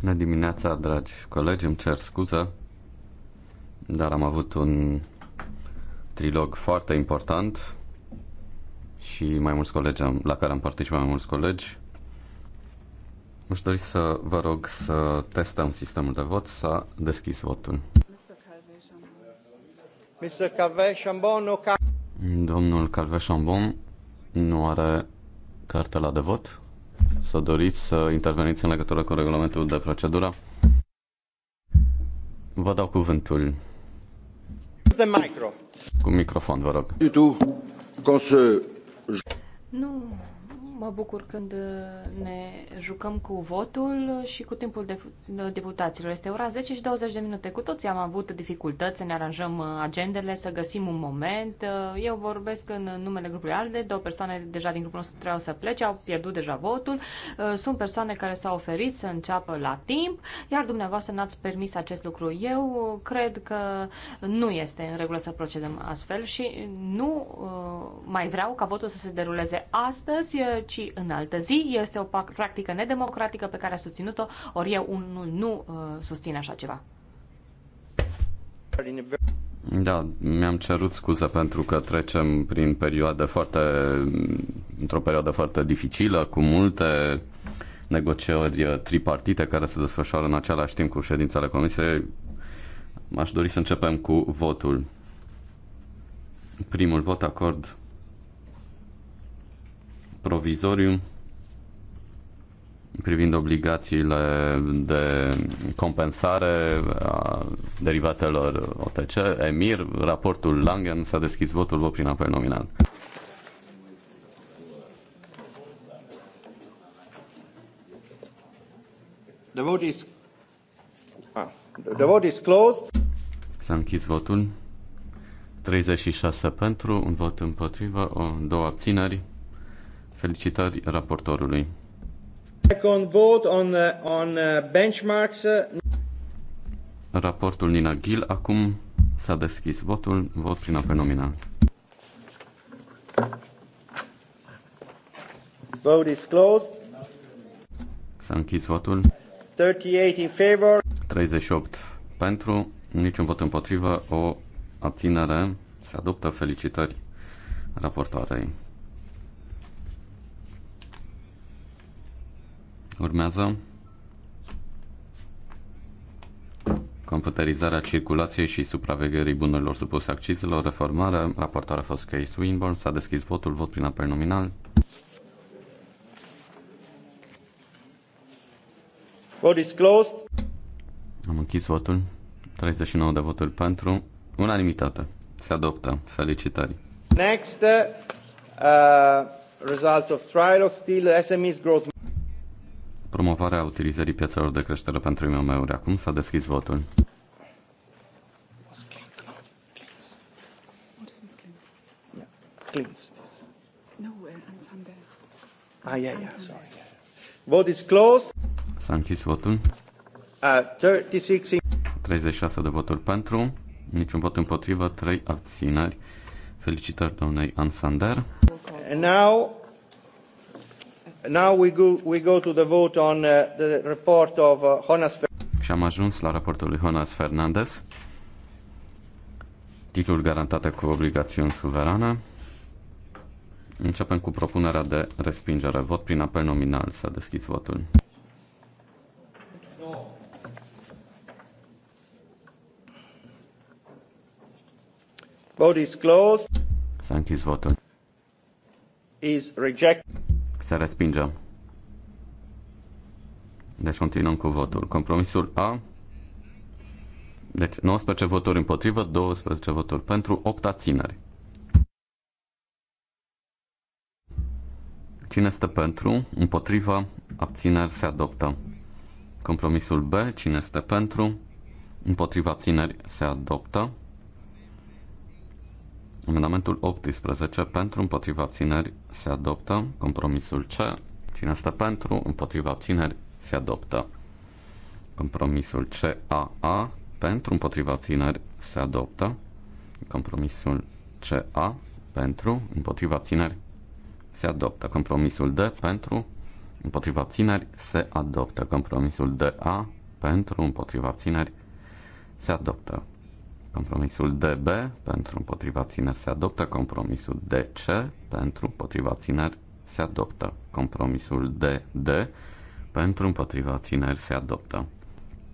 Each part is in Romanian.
Bună dimineața, dragi colegi, îmi cer scuză, dar am avut un trilog foarte important și mai mulți colegi am, la care am participat mai mulți colegi. Aș dori să vă rog să testăm sistemul de vot, să deschis votul. Domnul Calveșambon nu are cartela de vot? să doriți să interveniți în legătură cu regulamentul de procedură? Vă dau cuvântul. De micro. Cu microfon, vă rog. Nu Mă bucur când uh, ne jucăm cu votul și cu timpul de, uh, deputaților. Este ora 10 și 20 de minute. Cu toții am avut dificultăți să ne aranjăm uh, agendele, să găsim un moment. Eu vorbesc în numele grupului ALDE, două persoane deja din grupul nostru trebuiau să plece, au pierdut deja votul. Sunt persoane care s-au oferit să înceapă la timp, iar dumneavoastră n-ați permis acest lucru. Eu cred că nu este în regulă să procedăm astfel și nu mai vreau ca votul să se deruleze astăzi, ci în altă zi. Este o practică nedemocratică pe care a susținut-o, ori eu unul nu uh, susțin așa ceva. Da, mi-am cerut scuze pentru că trecem prin perioade foarte, într-o perioadă foarte dificilă, cu multe negocieri tripartite care se desfășoară în același timp cu ședințele comisiei. Aș dori să începem cu votul. Primul vot acord provizoriu privind obligațiile de compensare a derivatelor OTC, EMIR, raportul Langen s-a deschis votul, vă prin apel nominal. The vote is ah, the vote is closed. S-a închis votul. 36 pentru, un vot împotrivă, o, două abțineri. Felicitări raportorului. Second vote on, uh, on uh, benchmarks. Uh, Raportul Nina Gil. Acum s-a deschis votul. Vot prin apel nominal. Vote is closed. S-a închis votul. 38 in favor. 38 pentru, niciun vot împotrivă, o abținere. Se adoptă felicitări raportoarei. Urmează computerizarea circulației și supravegherii bunurilor supuse accizelor, reformare, raportarea a fost Case Winborn, s-a deschis votul, vot prin apel nominal. Vote is closed. Am închis votul. 39 de voturi pentru. Unanimitate. Se adoptă. Felicitări. Next, uh, uh result of trilogue, still SMEs growth promovarea utilizării piețelor de creștere pentru IMM-uri. Acum s-a deschis votul. Ah, Vote is closed. S-a închis votul. Uh, 36... 36 de voturi pentru, niciun vot împotrivă, 3 abțineri. Felicitări domnului Ansander. And now Now we go, we go to the vote on uh, the report of uh, Jonas Și am ajuns la raportul lui Jonas Fernandez. Titlul garantată cu obligațiuni suverane. Începem cu propunerea de respingere. Vot prin apel nominal. S-a deschis votul. Vote is closed. S-a închis votul. Is rejected se respinge. Deci continuăm cu votul. Compromisul A. Deci 19 voturi împotrivă, 12 voturi pentru, 8 abțineri. Cine este pentru? Împotriva? Abțineri se adoptă. Compromisul B. Cine este pentru? Împotriva abțineri se adoptă. Amendamentul 18 pentru împotriva abțineri se adoptă. Compromisul C. Cine este pentru împotriva abțineri se adoptă. Compromisul CAA pentru împotriva abțineri se adoptă. Compromisul CA pentru împotriva abțineri se adoptă. Compromisul D pentru împotriva abțineri se adoptă. Compromisul DA pentru împotriva abțineri se adoptă. Compromisul DB pentru împotriva țineri se adoptă. Compromisul DC pentru împotriva țineri se adoptă. Compromisul DD pentru împotriva țineri se adoptă.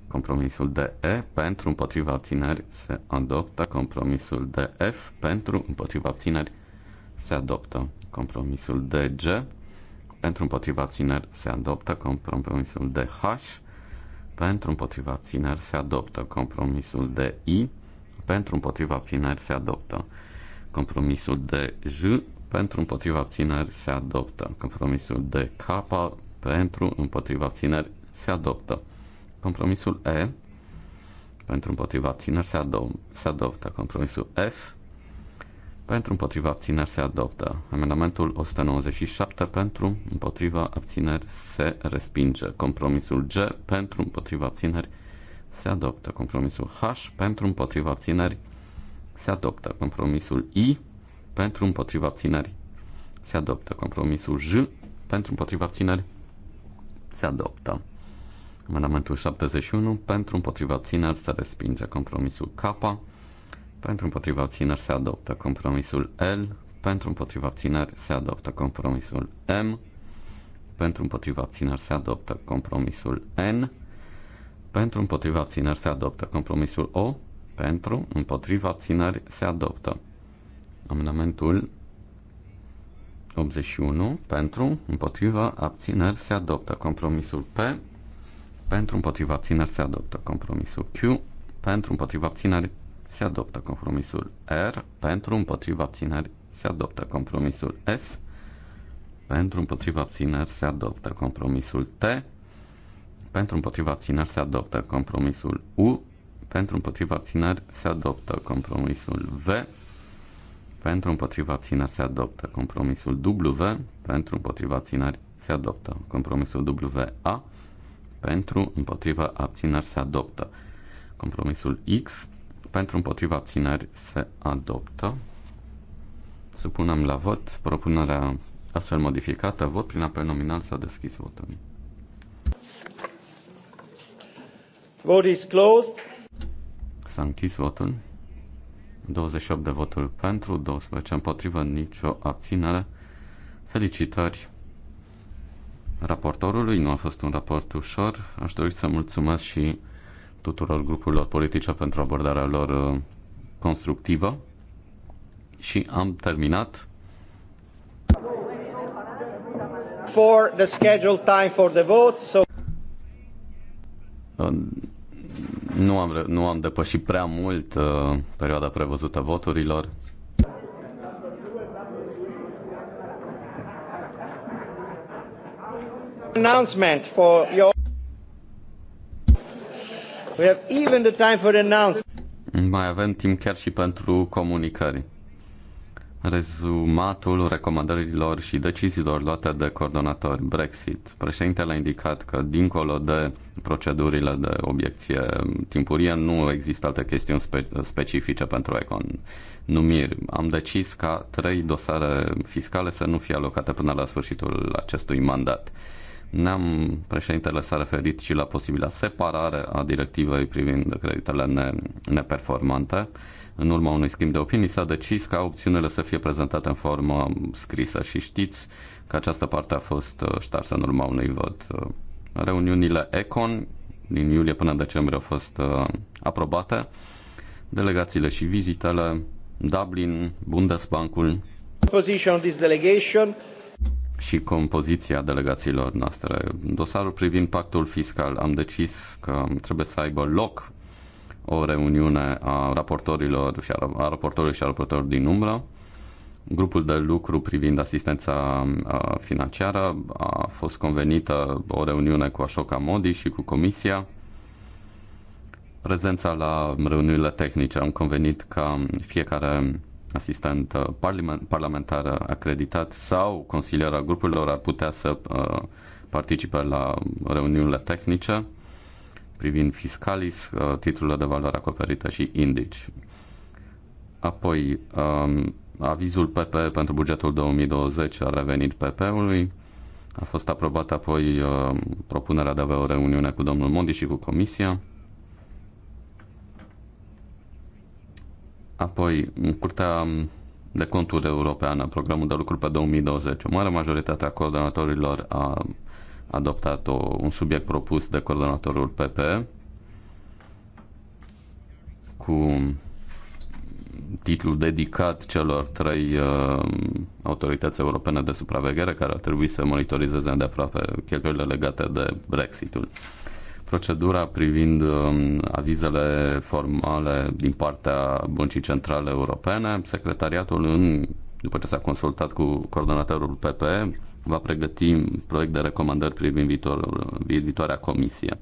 Compromisul de E pentru împotriva țineri se adoptă. Compromisul de F pentru împotriva țineri se adoptă. Compromisul de G pentru împotriva țineri se adoptă. Compromisul de H pentru împotriva țineri se adoptă. Compromisul de I pentru împotriva abțineri se adoptă. Compromisul de J pentru împotriva abțineri se adoptă. Compromisul de K pentru împotriva abțineri se adoptă. Compromisul E pentru împotriva abțineri se, ado- se adoptă. Compromisul F pentru împotriva abțineri se adoptă. Amendamentul 197 pentru împotriva abțineri se respinge. Compromisul G pentru împotriva abțineri se adoptă. Compromisul H pentru împotriva abțineri se adoptă. Compromisul I pentru împotriva abțineri se adoptă. Compromisul J pentru împotriva abțineri se adoptă. Amendamentul 71 pentru împotriva abțineri se respinge. Compromisul K pentru împotriva abțineri se adoptă. Compromisul L pentru împotriva abțineri se adoptă. Compromisul M pentru împotriva abțineri se adoptă. Compromisul N pentru împotriva abțineri se adoptă. Compromisul O. Pentru împotriva abțineri se adoptă. Amendamentul 81. Pentru împotriva abțineri se adoptă. Compromisul P. Pentru împotriva abțineri se adoptă. Compromisul Q. Pentru împotriva abțineri se adoptă. Compromisul R. Pentru împotriva abțineri se adoptă. Compromisul S. Pentru împotriva abțineri se adoptă. Compromisul T pentru împotriva abțineri se adoptă compromisul U, pentru împotriva abțineri se adoptă compromisul V, pentru împotriva abțineri se adoptă compromisul W, pentru împotriva abțineri se adoptă compromisul WA, pentru împotriva abțineri se adoptă compromisul X, pentru împotriva abțineri se adoptă. Supunem la vot propunerea astfel modificată. Vot prin apel nominal s-a deschis votul. Vote is closed. S-a închis votul. 28 de voturi pentru, 12 împotrivă, nicio abținere. Felicitări raportorului. Nu a fost un raport ușor. Aș dori să mulțumesc și tuturor grupurilor politice pentru abordarea lor uh, constructivă. Și am terminat. For the scheduled time for the votes, so nu am, nu am depășit prea mult uh, perioada prevăzută voturilor. Announcement for your... We have even the time for the announcement. Mai avem timp chiar și pentru comunicări rezumatul recomandărilor și deciziilor luate de coordonatori Brexit. Președintele a indicat că, dincolo de procedurile de obiecție timpurie, nu există alte chestiuni spe- specifice pentru Econ. Numiri. Am decis ca trei dosare fiscale să nu fie alocate până la sfârșitul acestui mandat. Ne-am, președintele s-a referit și la posibila separare a directivei privind creditele ne, neperformante în urma unui schimb de opinii, s-a decis ca opțiunile să fie prezentate în formă scrisă și știți că această parte a fost uh, ștarsă în urma unui vot. Uh, reuniunile ECON din iulie până în decembrie au fost uh, aprobate, delegațiile și vizitele, Dublin, Bundesbankul și compoziția delegațiilor noastre. Dosarul privind pactul fiscal am decis că trebuie să aibă loc o reuniune a raportorilor și a, a raportorilor și a raportorilor din umbră. Grupul de lucru privind asistența financiară a fost convenită o reuniune cu Ashoka Modi și cu Comisia. Prezența la reuniunile tehnice am convenit ca fiecare asistent uh, parlamentar acreditat sau consilier al grupurilor ar putea să uh, participe la reuniunile tehnice privind fiscalis, uh, titlurile de valoare acoperită și indici. Apoi, um, avizul PP pentru bugetul 2020 a revenit PP-ului. A fost aprobată apoi um, propunerea de a avea o reuniune cu domnul Mondi și cu Comisia. Apoi, Curtea de Conturi Europeană, programul de lucru pe 2020. O mare majoritate a coordonatorilor a adoptat o, un subiect propus de coordonatorul PP cu titlul dedicat celor trei uh, autorități europene de supraveghere care ar trebui să monitorizeze de aproape cheltuielile legate de Brexitul. Procedura privind uh, avizele formale din partea Băncii Centrale Europene, secretariatul în după ce s-a consultat cu coordonatorul PPE, va pregăti un proiect de recomandări privind viitorul, viitoarea comisie.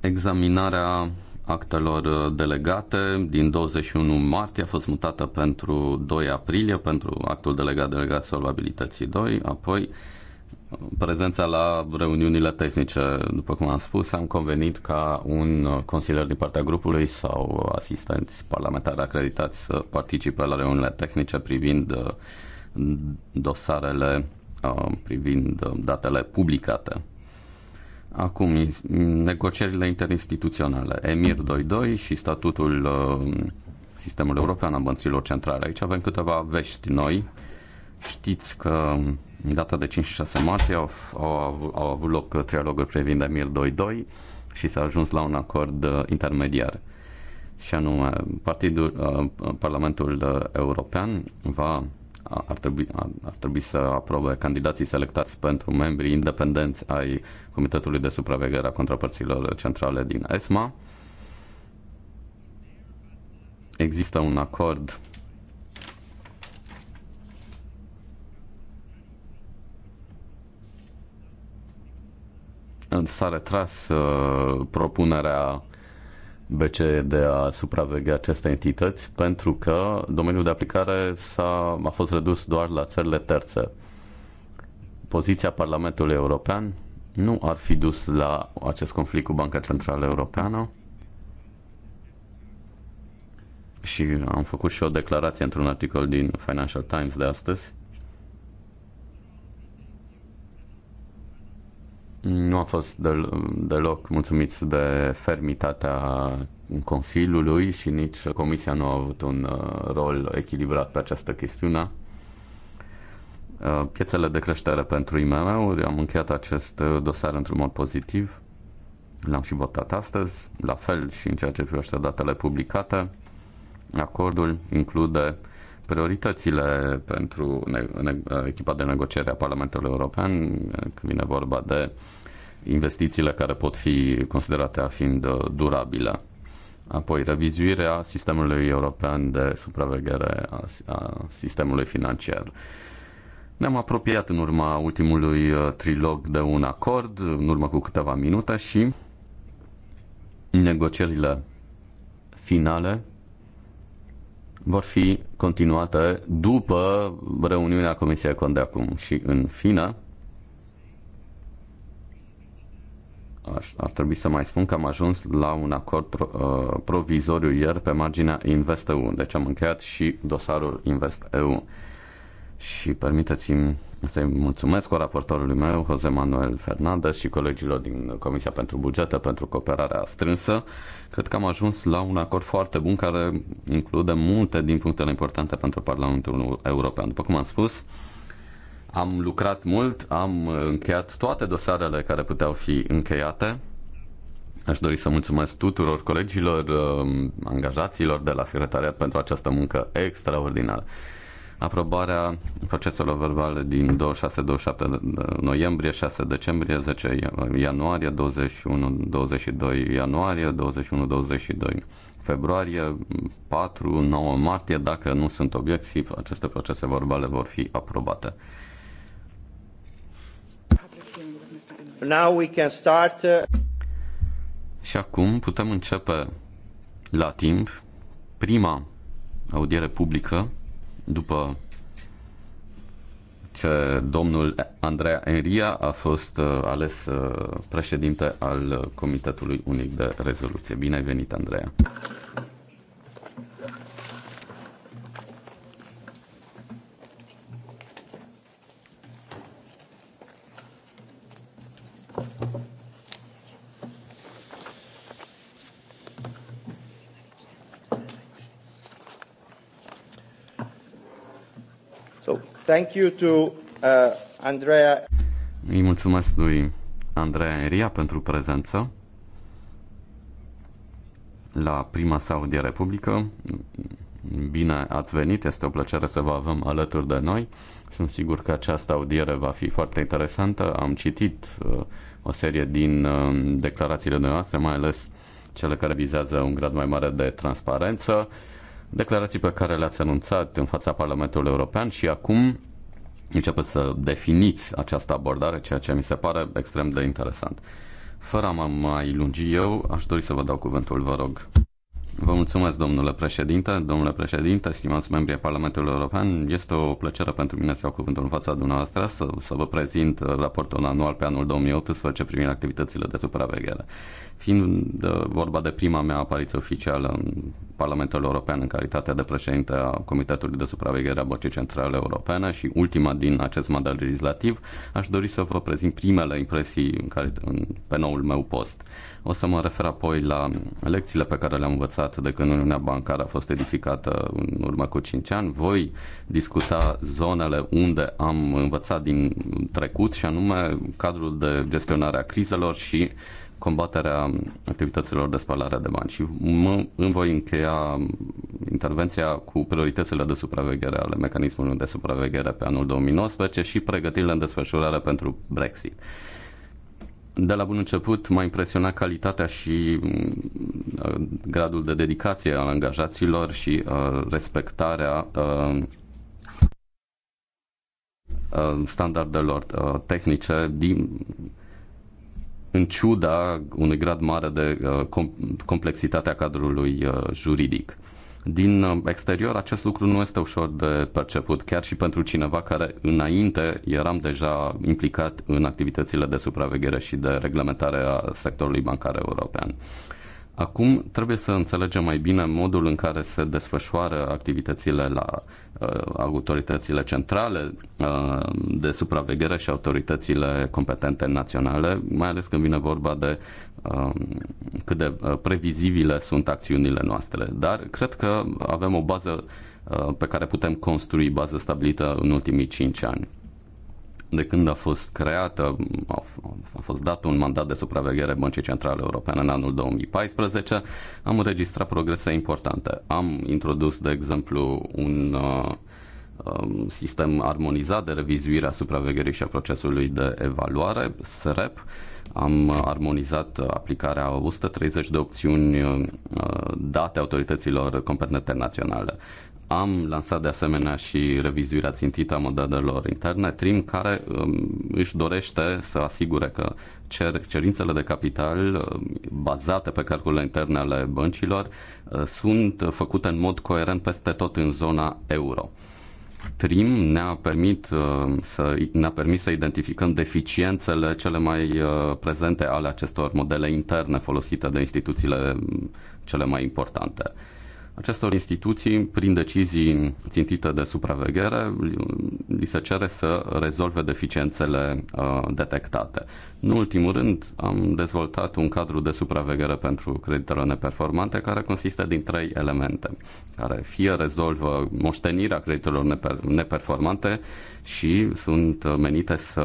Examinarea actelor delegate din 21 martie a fost mutată pentru 2 aprilie, pentru actul delegat delegat solvabilității 2, apoi prezența la reuniunile tehnice, după cum am spus, am convenit ca un consilier din partea grupului sau asistenți parlamentari acreditați să participe la reuniunile tehnice privind dosarele uh, privind uh, datele publicate. Acum, negocierile interinstituționale, EMIR 22 și statutul uh, sistemului European a Bănților Centrale. Aici avem câteva vești noi. Știți că în data de 5 și 6 martie au, au, au avut loc trialoguri privind EMIR 22 și s-a ajuns la un acord intermediar. Și anume, Partidul, Parlamentul European va ar trebui, ar, ar trebui să aprobe candidații selectați pentru membrii independenți ai Comitetului de Supraveghere a Contrapărților Centrale din ESMA. Există un acord s-a retras uh, propunerea BCE de a supraveghea aceste entități pentru că domeniul de aplicare s-a, a fost redus doar la țările terțe. Poziția Parlamentului European nu ar fi dus la acest conflict cu Banca Centrală Europeană și am făcut și o declarație într-un articol din Financial Times de astăzi fost del, deloc mulțumiți de fermitatea Consiliului și nici Comisia nu a avut un uh, rol echilibrat pe această chestiune. Uh, piețele de creștere pentru IMM-uri, am încheiat acest uh, dosar într-un mod pozitiv, l-am și votat astăzi, la fel și în ceea ce privește datele publicate. Acordul include prioritățile pentru echipa de negociere a Parlamentului European, când vine vorba de uh, investițiile care pot fi considerate a fiind uh, durabile. Apoi, revizuirea sistemului european de supraveghere a, sistemului financiar. Ne-am apropiat în urma ultimului uh, trilog de un acord, în urmă cu câteva minute și negocierile finale vor fi continuate după reuniunea Comisiei Cond de acum și în fine ar trebui să mai spun că am ajuns la un acord pro, uh, provizoriu ieri pe marginea InvestEU, deci am încheiat și dosarul InvestEU. Și permiteți-mi să-i mulțumesc raportorului meu, Jose Manuel Fernandez și colegilor din Comisia pentru Bugete pentru cooperarea strânsă. Cred că am ajuns la un acord foarte bun care include multe din punctele importante pentru Parlamentul European. După cum am spus, uh, am lucrat mult, am uh, încheiat toate dosarele care puteau fi încheiate. Aș dori să mulțumesc tuturor colegilor, um, angajaților de la secretariat pentru această muncă extraordinară. Aprobarea proceselor verbale din 26-27 noiembrie, 6 decembrie, 10 ianuarie, 21-22 ianuarie, 21-22 februarie, 4-9 martie. Dacă nu sunt obiecții, aceste procese verbale vor fi aprobate. Now we can start. Uh, Și acum putem începe la timp prima audiere publică după ce domnul Andreea Enria a fost uh, ales uh, președinte al Comitetului Unic de Rezoluție. Bine ai venit, Andreea! Thank you to uh, Andrea. Îi mulțumesc lui Andreea Enria pentru prezență la prima sa audiere publică. Bine ați venit, este o plăcere să vă avem alături de noi. Sunt sigur că această audiere va fi foarte interesantă. Am citit uh, o serie din uh, declarațiile noastre, mai ales cele care vizează un grad mai mare de transparență declarații pe care le-ați anunțat în fața Parlamentului European și acum începeți să definiți această abordare, ceea ce mi se pare extrem de interesant. Fără a mă mai lungi eu, aș dori să vă dau cuvântul, vă rog. Vă mulțumesc, domnule președinte, domnule președinte, stimați membri ai Parlamentului European. Este o plăcere pentru mine să iau cuvântul în fața dumneavoastră să, să vă prezint uh, raportul anual pe anul 2018 privind activitățile de supraveghere. Fiind de, uh, vorba de prima mea apariție oficială în Parlamentul European în calitatea de președinte a Comitetului de Supraveghere a Băcii Centrale Europene și ultima din acest mandat legislativ, aș dori să vă prezint primele impresii în care, în, pe noul meu post. O să mă refer apoi la lecțiile pe care le-am învățat de când Uniunea Bancară a fost edificată în urmă cu 5 ani. Voi discuta zonele unde am învățat din trecut și anume cadrul de gestionare a crizelor și combaterea activităților de spălare de bani și mă, îmi voi încheia intervenția cu prioritățile de supraveghere ale mecanismului de supraveghere pe anul 2019 și pregătirile în desfășurare pentru Brexit de la bun început m-a impresionat calitatea și mm, uh, gradul de dedicație al angajaților și uh, respectarea uh, standardelor tehnice din, în ciuda unui grad mare de complexitatea cadrului juridic din uh, exterior, acest lucru nu este ușor de perceput, chiar și pentru cineva care înainte eram deja implicat în activitățile de supraveghere și de reglementare a sectorului bancar european. Acum trebuie să înțelegem mai bine modul în care se desfășoară activitățile la uh, autoritățile centrale uh, de supraveghere și autoritățile competente naționale, mai ales când vine vorba de uh, cât de uh, previzibile sunt acțiunile noastre. Dar cred că avem o bază uh, pe care putem construi, bază stabilită în ultimii 5 ani de când a fost creată, a, a fost dat un mandat de supraveghere Băncii Centrale Europene în anul 2014, am înregistrat progrese importante. Am introdus, de exemplu, un uh, um, sistem armonizat de revizuire a supravegherii și a procesului de evaluare, SREP. Am armonizat aplicarea a 130 de opțiuni uh, date autorităților competente naționale. Am lansat de asemenea și revizuirea țintită a modelelor interne, TRIM, care um, își dorește să asigure că cer, cerințele de capital um, bazate pe calculele interne ale băncilor uh, sunt făcute în mod coerent peste tot în zona euro. TRIM ne-a, permit, uh, să, ne-a permis să identificăm deficiențele cele mai uh, prezente ale acestor modele interne folosite de instituțiile um, cele mai importante acestor instituții, prin decizii țintite de supraveghere, li se cere să rezolve deficiențele uh, detectate. În ultimul rând, am dezvoltat un cadru de supraveghere pentru creditele neperformante care consistă din trei elemente, care fie rezolvă moștenirea creditelor neper- neperformante și sunt menite să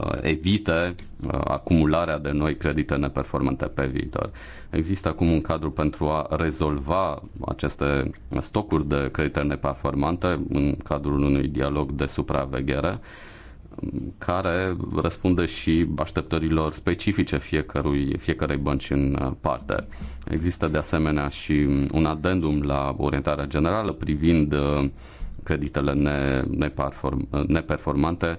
Uh, evite uh, acumularea de noi credite neperformante pe viitor. Există acum un cadru pentru a rezolva aceste stocuri de credite neperformante în cadrul unui dialog de supraveghere care răspunde și așteptărilor specifice fiecărui, fiecarei bănci în uh, parte. Există de asemenea și un adendum la orientarea generală privind creditele neperformante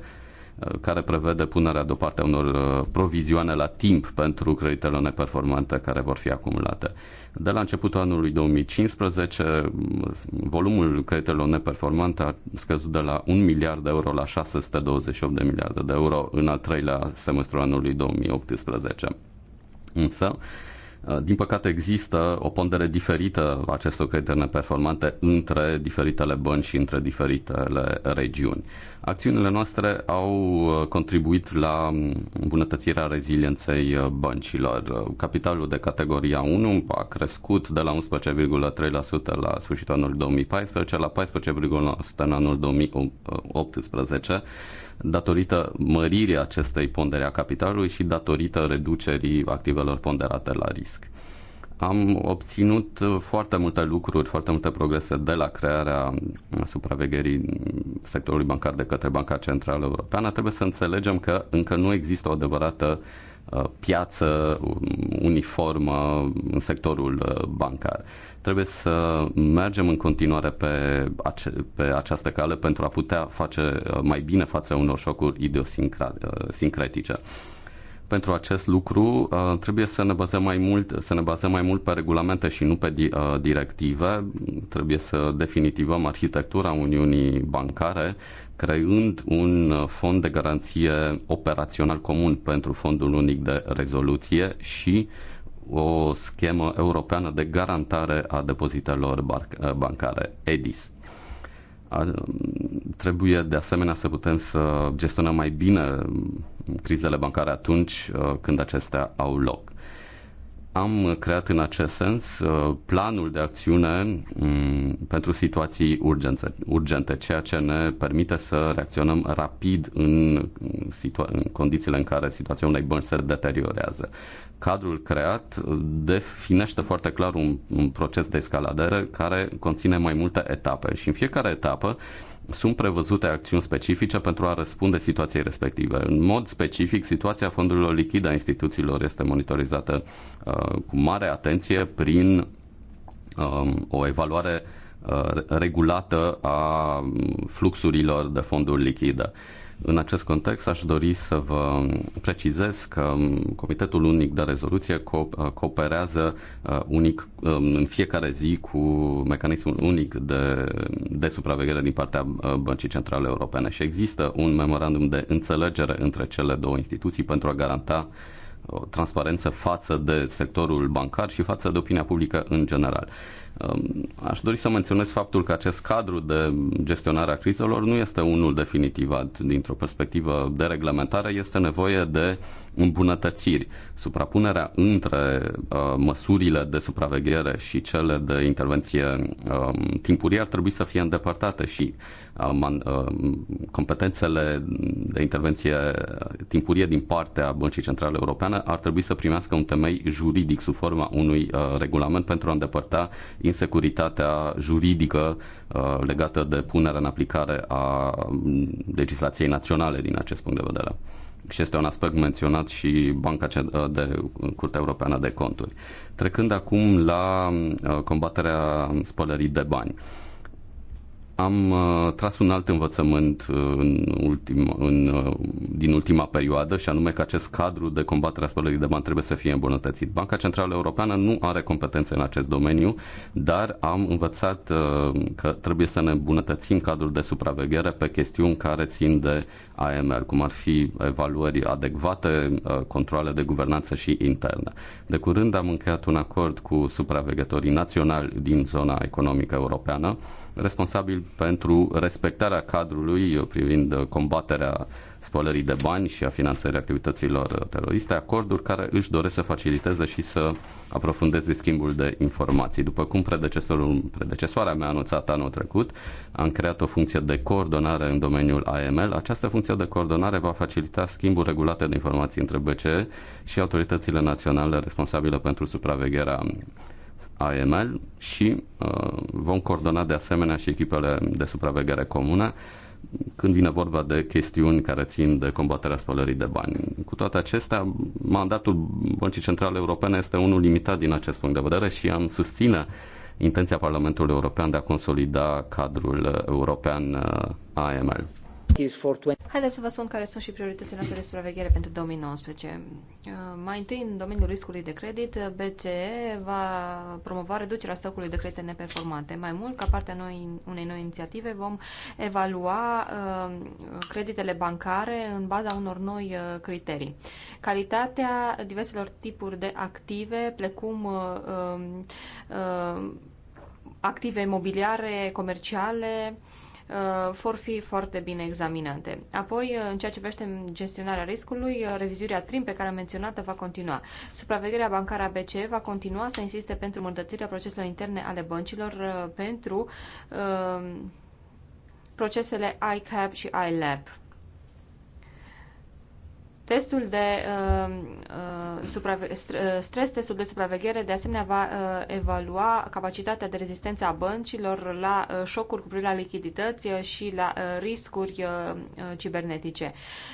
Uh, care prevede punerea deoparte a unor uh, provizioane la timp pentru creditele neperformante care vor fi acumulate. De la începutul anului 2015, mm, volumul creditelor neperformante a scăzut de la 1 miliard de euro la 628 de miliarde de euro în al treilea semestru anului 2018. Însă, Uh, din păcate există o pondere diferită a acestor credite neperformante între diferitele bănci și între diferitele regiuni. Acțiunile noastre au uh, contribuit la um, îmbunătățirea rezilienței uh, băncilor. Capitalul de categoria 1 a crescut de la 11,3% la sfârșitul anului 2014 la 14,9% în anul 2018 datorită măririi acestei pondere a capitalului și datorită reducerii activelor ponderate la risc. Am obținut foarte multe lucruri, foarte multe progrese de la crearea supravegherii sectorului bancar de către Banca Centrală Europeană. Trebuie să înțelegem că încă nu există o adevărată uh, Uh, piață um, uniformă în sectorul uh, bancar. Trebuie să mergem în continuare pe, ace- pe această cale pentru a putea face uh, mai bine față unor șocuri idiosincratice pentru acest lucru uh, trebuie să ne bazăm mai mult, să ne bazăm mai mult pe regulamente și nu pe uh, directive. Trebuie să definitivăm arhitectura Uniunii Bancare, creând un uh, fond de garanție operațional comun pentru Fondul Unic de Rezoluție și o schemă europeană de garantare a depozitelor bancare, EDIS. Mm, trebuie de asemenea să putem să gestionăm mai bine mm, crizele bancare atunci uh, când acestea au loc. Am creat în acest sens uh, planul de acțiune mm, pentru situații urgențe, urgente, ceea ce ne permite să reacționăm rapid în, situa- în condițiile în care situația unei bănci se deteriorează. Cadrul creat uh, definește foarte clar un, un proces de escaladare care conține mai multe etape și în fiecare etapă sunt prevăzute acțiuni specifice pentru a răspunde situației respective. În mod specific, situația fondurilor lichide a instituțiilor este monitorizată uh, cu mare atenție prin um, o evaluare uh, regulată a um, fluxurilor de fonduri lichide. Uh, în acest context aș dori să vă precizez că um, Comitetul Unic de Rezoluție co- uh, cooperează uh, unic um, în fiecare zi cu mecanismul unic de, de supraveghere din partea uh, Băncii Centrale Europene și există un memorandum de înțelegere între cele două instituții pentru a garanta uh, o transparență față de sectorul bancar și față de opinia publică în general. Um, aș dori să menționez faptul că acest cadru de gestionare a crizelor nu este unul definitivat dintr-o perspectivă de reglementare, este nevoie de îmbunătățiri. Suprapunerea între uh, măsurile de supraveghere și cele de intervenție uh, timpurie ar trebui să fie îndepărtate și uh, man, uh, competențele de intervenție uh, timpurie din partea Băncii Centrale europene. Europeană ar trebui să primească un temei juridic sub forma unui uh, regulament pentru a îndepărta insecuritatea juridică uh, legată de punerea în aplicare a mm, legislației naționale din acest punct de vedere și este un aspect menționat și Banca uh, de Curtea Europeană de Conturi. Trecând acum la mm, uh, combaterea spălării de bani am uh, tras un alt învățământ uh, în ultim, în, uh, din ultima perioadă și anume că acest cadru de combatere a spălării de bani trebuie să fie îmbunătățit. Banca Centrală Europeană nu are competențe în acest domeniu, dar am învățat uh, că trebuie să ne îmbunătățim cadrul de supraveghere pe chestiuni care țin de AML, cum ar fi evaluări adecvate, uh, controle de guvernanță și interne. De curând am încheiat un acord cu supraveghetorii naționali din zona economică europeană responsabil pentru respectarea cadrului privind combaterea spălării de bani și a finanțării activităților teroriste, acorduri care își doresc să faciliteze și să aprofundeze schimbul de informații. După cum predecesorul, predecesoarea mea a anunțat anul trecut, am creat o funcție de coordonare în domeniul AML. Această funcție de coordonare va facilita schimbul regulat de informații între BCE și autoritățile naționale responsabile pentru supravegherea AML și uh, vom coordona de asemenea și echipele de supraveghere comună. când vine vorba de chestiuni care țin de combaterea spălării de bani. Cu toate acestea, mandatul Băncii Centrale Europene este unul limitat din acest punct de vedere și am susține intenția Parlamentului European de a consolida cadrul european uh, AML. Haideți să vă spun care sunt și prioritățile noastre de supraveghere pentru 2019. Uh, mai întâi, în domeniul riscului de credit, BCE va promova reducerea stocului de credite neperformante. Mai mult, ca parte a noi, unei noi inițiative, vom evalua uh, creditele bancare în baza unor noi uh, criterii. Calitatea diverselor tipuri de active, precum um, active imobiliare, comerciale, Uh, vor fi foarte bine examinate. Apoi, uh, în ceea ce privește gestionarea riscului, uh, revizuirea TRIM pe care am menționat va continua. Supravegherea bancară a BCE va continua să insiste pentru îmbunătățirea proceselor interne ale băncilor pentru procesele ICAP și ILAB Testul de uh, uh, uh, stres testul de supraveghere de asemenea va uh, evalua capacitatea de rezistență a băncilor la uh, șocuri cu privire la lichidități uh, și la uh, riscuri uh, cibernetice.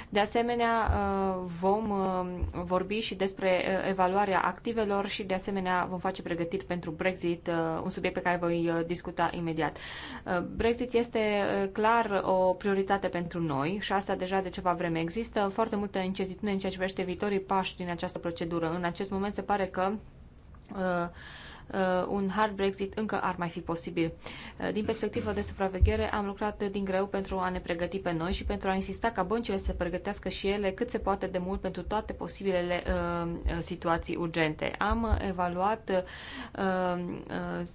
De asemenea, uh, vom uh, vorbi și despre uh, evaluarea activelor și de asemenea vom face pregătiri pentru Brexit, uh, un subiect pe care voi uh, discuta imediat. Uh, Brexit este uh, clar o prioritate pentru noi și asta deja de ceva vreme există foarte multă incertitudine incertitudine în ceea ce privește viitorii pași din această procedură. În acest moment se pare că uh, uh, un hard Brexit încă ar mai fi posibil. Uh, din perspectivă de supraveghere, am lucrat din greu pentru a ne pregăti pe noi și pentru a insista ca băncile să pregătească și ele cât se poate de mult pentru toate posibilele uh, situații urgente. Am evaluat uh, uh,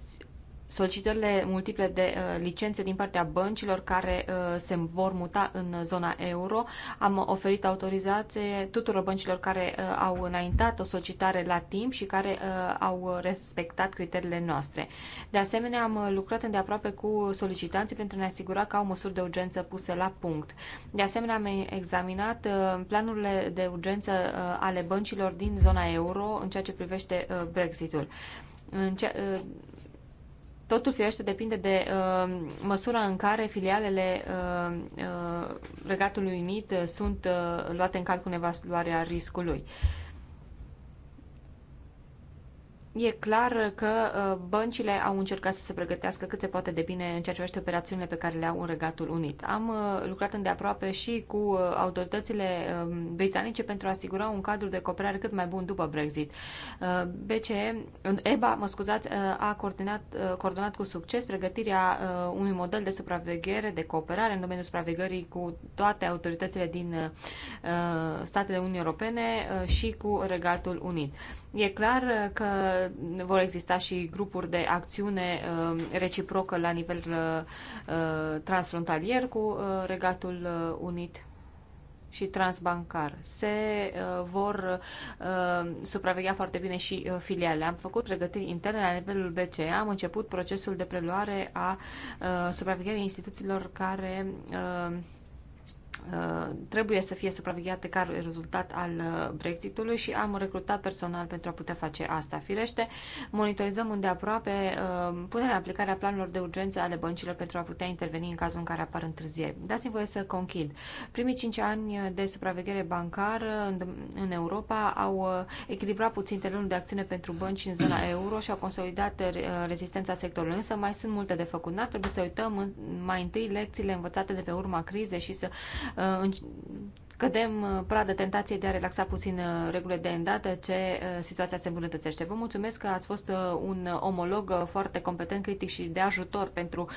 solicitările multiple de uh, licențe din partea băncilor care uh, se vor muta în zona euro. Am oferit autorizație tuturor băncilor care uh, au înaintat o solicitare la timp și care uh, au respectat criteriile noastre. De asemenea, am lucrat îndeaproape cu solicitanții pentru a ne asigura că au măsuri de urgență puse la punct. De asemenea, am examinat uh, planurile de urgență uh, ale băncilor din zona euro în ceea ce privește uh, Brexitul. În ce, uh, Totul firește depinde de uh, măsura în care filialele uh, uh, Regatului Unit uh, sunt uh, luate în calcul în riscului. Uh, E clar că uh, băncile au încercat să se pregătească cât se poate de bine în ceea ce privește operațiunile pe care le au în Regatul Unit. Am uh, lucrat îndeaproape și cu uh, autoritățile um, britanice pentru a asigura un cadru de cooperare cât mai bun după Brexit. BCE, EBA, mă scuzați, a coordonat, coordonat cu succes pregătirea unui model de supraveghere, de cooperare în domeniul supravegării cu toate autoritățile din statele unii Europene și cu Regatul Unit. E clar că vor exista și grupuri de acțiune uh, reciprocă la nivel uh, uh, transfrontalier cu Regatul Unit și transbancar. Se uh, vor uh, supraveghea foarte bine și uh, filiale. Am făcut pregătiri interne la nivelul BCE, am început procesul de preluare a uh, supravegherii instituțiilor care uh, Uh, trebuie să fie supravegheate ca rezultat al uh, Brexitului și am recrutat personal pentru a putea face asta. Firește, monitorizăm îndeaproape uh, punerea în aplicare a planurilor de urgență ale băncilor pentru a putea interveni în cazul în care apar întârzieri. Dați-mi voie să conchid. Primii cinci ani de supraveghere bancară în Europa au echilibrat puțin terenul de acțiune pentru bănci în zona euro și au consolidat rezistența sectorului, însă mai sunt multe de făcut. N-ar trebui să uităm mai întâi lecțiile învățate de pe urma crizei și să uh, cădem uh, pradă tentației de a relaxa puțin uh, regulile de îndată ce uh, situația se îmbunătățește. Vă mulțumesc că ați fost un omolog foarte competent, critic și de ajutor pentru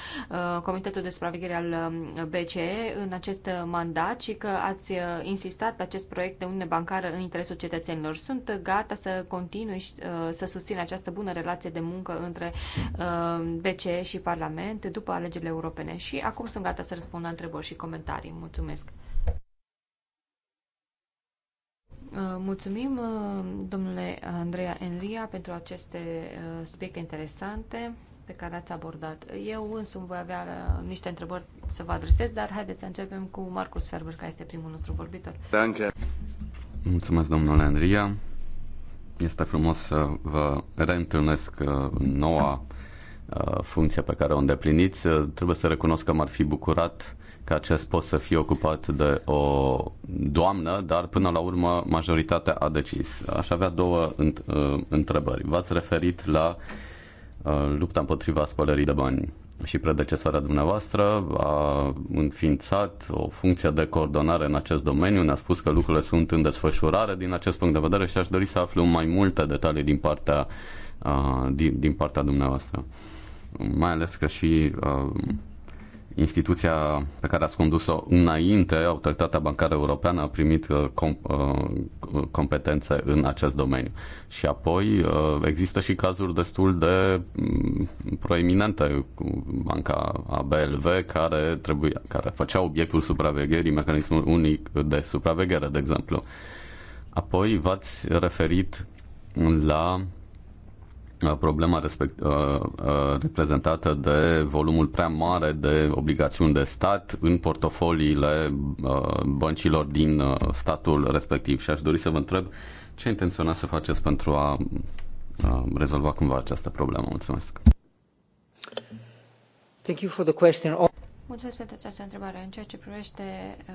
Comitetul de Supraveghere al um, BCE în acest mandat și că ați insistat pe acest proiect de uniune bancară în interesul cetățenilor. Sunt gata să continui și să susțin această bună relație de muncă între BCE și Parlament după alegerile europene și acum sunt gata să răspund la întrebări și comentarii. Mulțumesc! Uh, mulțumim, uh, domnule Andreea Enria, pentru aceste uh, subiecte interesante pe care ați abordat. Eu însumi voi avea niște întrebări să vă adresez, dar haideți să începem cu Marcus Ferber, care este primul nostru vorbitor. Danke. Mulțumesc, domnule Andria. Este frumos să vă reîntâlnesc noua funcție pe care o îndepliniți. Trebuie să recunosc că m-ar fi bucurat că acest post să fie ocupat de o doamnă, dar până la urmă majoritatea a decis. Aș avea două uh, întrebări. V-ați referit la uh, lupta împotriva spălării de bani și predecesoarea dumneavoastră a înființat o funcție de coordonare în acest domeniu, ne-a spus că lucrurile sunt în desfășurare din acest punct de vedere și aș dori să aflu mai multe detalii din partea, uh, din, din partea dumneavoastră. Mai ales că și instituția pe care ați condus-o înainte, Autoritatea Bancară Europeană, a primit uh, com- uh, competențe în acest domeniu. Și apoi uh, există și cazuri destul de mm, proeminente cu banca ABLV care, trebuia, care făcea obiectul supravegherii, mecanismul unic de supraveghere, de exemplu. Apoi v-ați referit la Uh, problema respect, uh, uh, reprezentată de volumul prea mare de obligațiuni de stat în portofoliile uh, băncilor din uh, statul respectiv. Și aș dori să vă întreb ce intenționați să faceți pentru a uh, rezolva cumva această problemă. Mulțumesc! Thank you for the question. Mulțumesc pentru această întrebare. În ceea ce privește uh,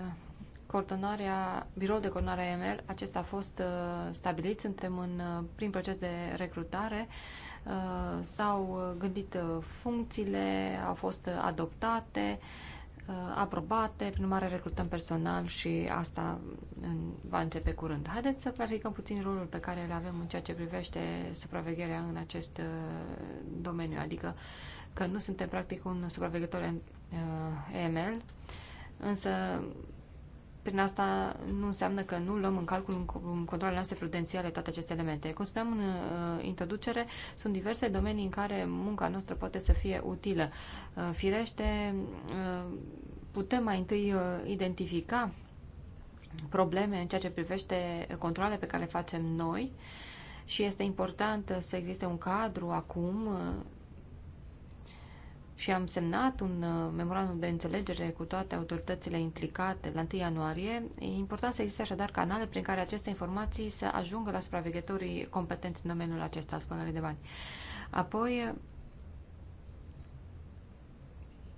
coordonarea, biroul de coordonare EML, acesta a fost uh, stabilit, suntem în uh, prin proces de recrutare, uh, s-au gândit funcțiile, au fost adoptate, aprobate, prin urmare recrutăm personal și asta va începe curând. Haideți să clarificăm puțin rolul pe care îl avem în ceea ce privește supravegherea în acest domeniu, adică că nu suntem practic un supraveghetor uh, EML, însă prin asta nu înseamnă că nu luăm în calcul în controlele noastre prudențiale toate aceste elemente. Cum spuneam în uh, introducere, sunt diverse domenii în care munca noastră poate să fie utilă. Uh, firește, uh, putem mai întâi identifica probleme în ceea ce privește controlele pe care le facem noi și este important să existe un cadru acum și am semnat un uh, memorandum de înțelegere cu toate autoritățile implicate la 1 ianuarie. E important să existe așadar canale prin care aceste informații să ajungă la supraveghetorii competenți în domeniul acesta al spălării de bani. Apoi, uh,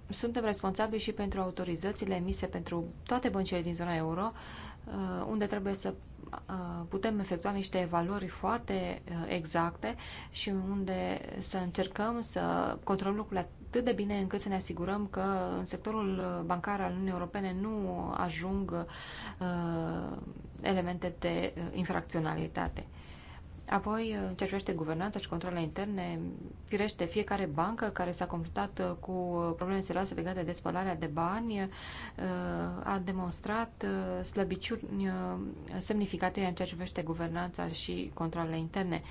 suntem responsabili și pentru autorizațiile emise pentru toate băncile din zona euro, uh, unde trebuie să putem efectua niște evaluări foarte exacte și unde să încercăm să controlăm lucrurile atât de bine încât să ne asigurăm că în sectorul uh, bancar al Uniunii Europene nu ajung uh, elemente de uh, infracționalitate. Apoi, în ce privește guvernanța și controlele interne, firește fiecare bancă care s-a confruntat uh, cu probleme serioase legate de spălarea de bani uh, a demonstrat uh, slăbiciuni semnificative în ceea ce privește guvernanța și controlele interne.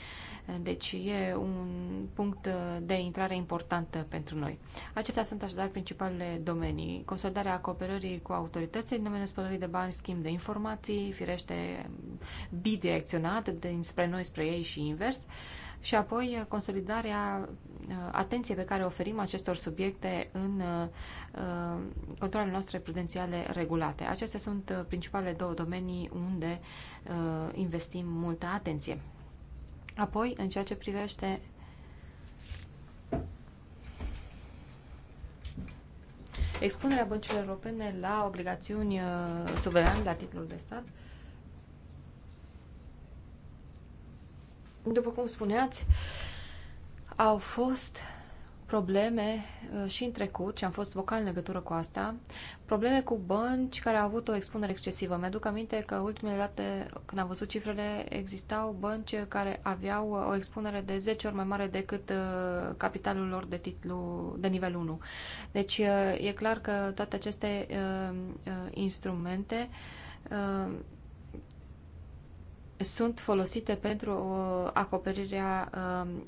Deci e un punct de intrare important pentru noi. Acestea sunt așadar principalele domenii. Consolidarea cooperării cu autoritățile în domeniul spălării de bani, schimb de informații, firește bidirecționat dinspre noi spre ei și invers, și apoi uh, consolidarea uh, atenției pe care o oferim acestor subiecte în uh, controlele noastre prudențiale regulate. Acestea sunt principalele două domenii unde investim multă atenție. Apoi, în ceea ce privește expunerea băncilor europene la obligațiuni suverane la titlul de stat, uh, După cum spuneați, au fost probleme uh, și în trecut, și am fost vocal în legătură cu asta, probleme cu bănci care au avut o expunere excesivă. Mi-aduc aminte că ultimele date, când am văzut cifrele, existau bănci care aveau uh, o expunere de 10 ori mai mare decât uh, capitalul lor de titlu de nivel 1. Deci e clar că toate aceste instrumente sunt folosite pentru uh, acoperirea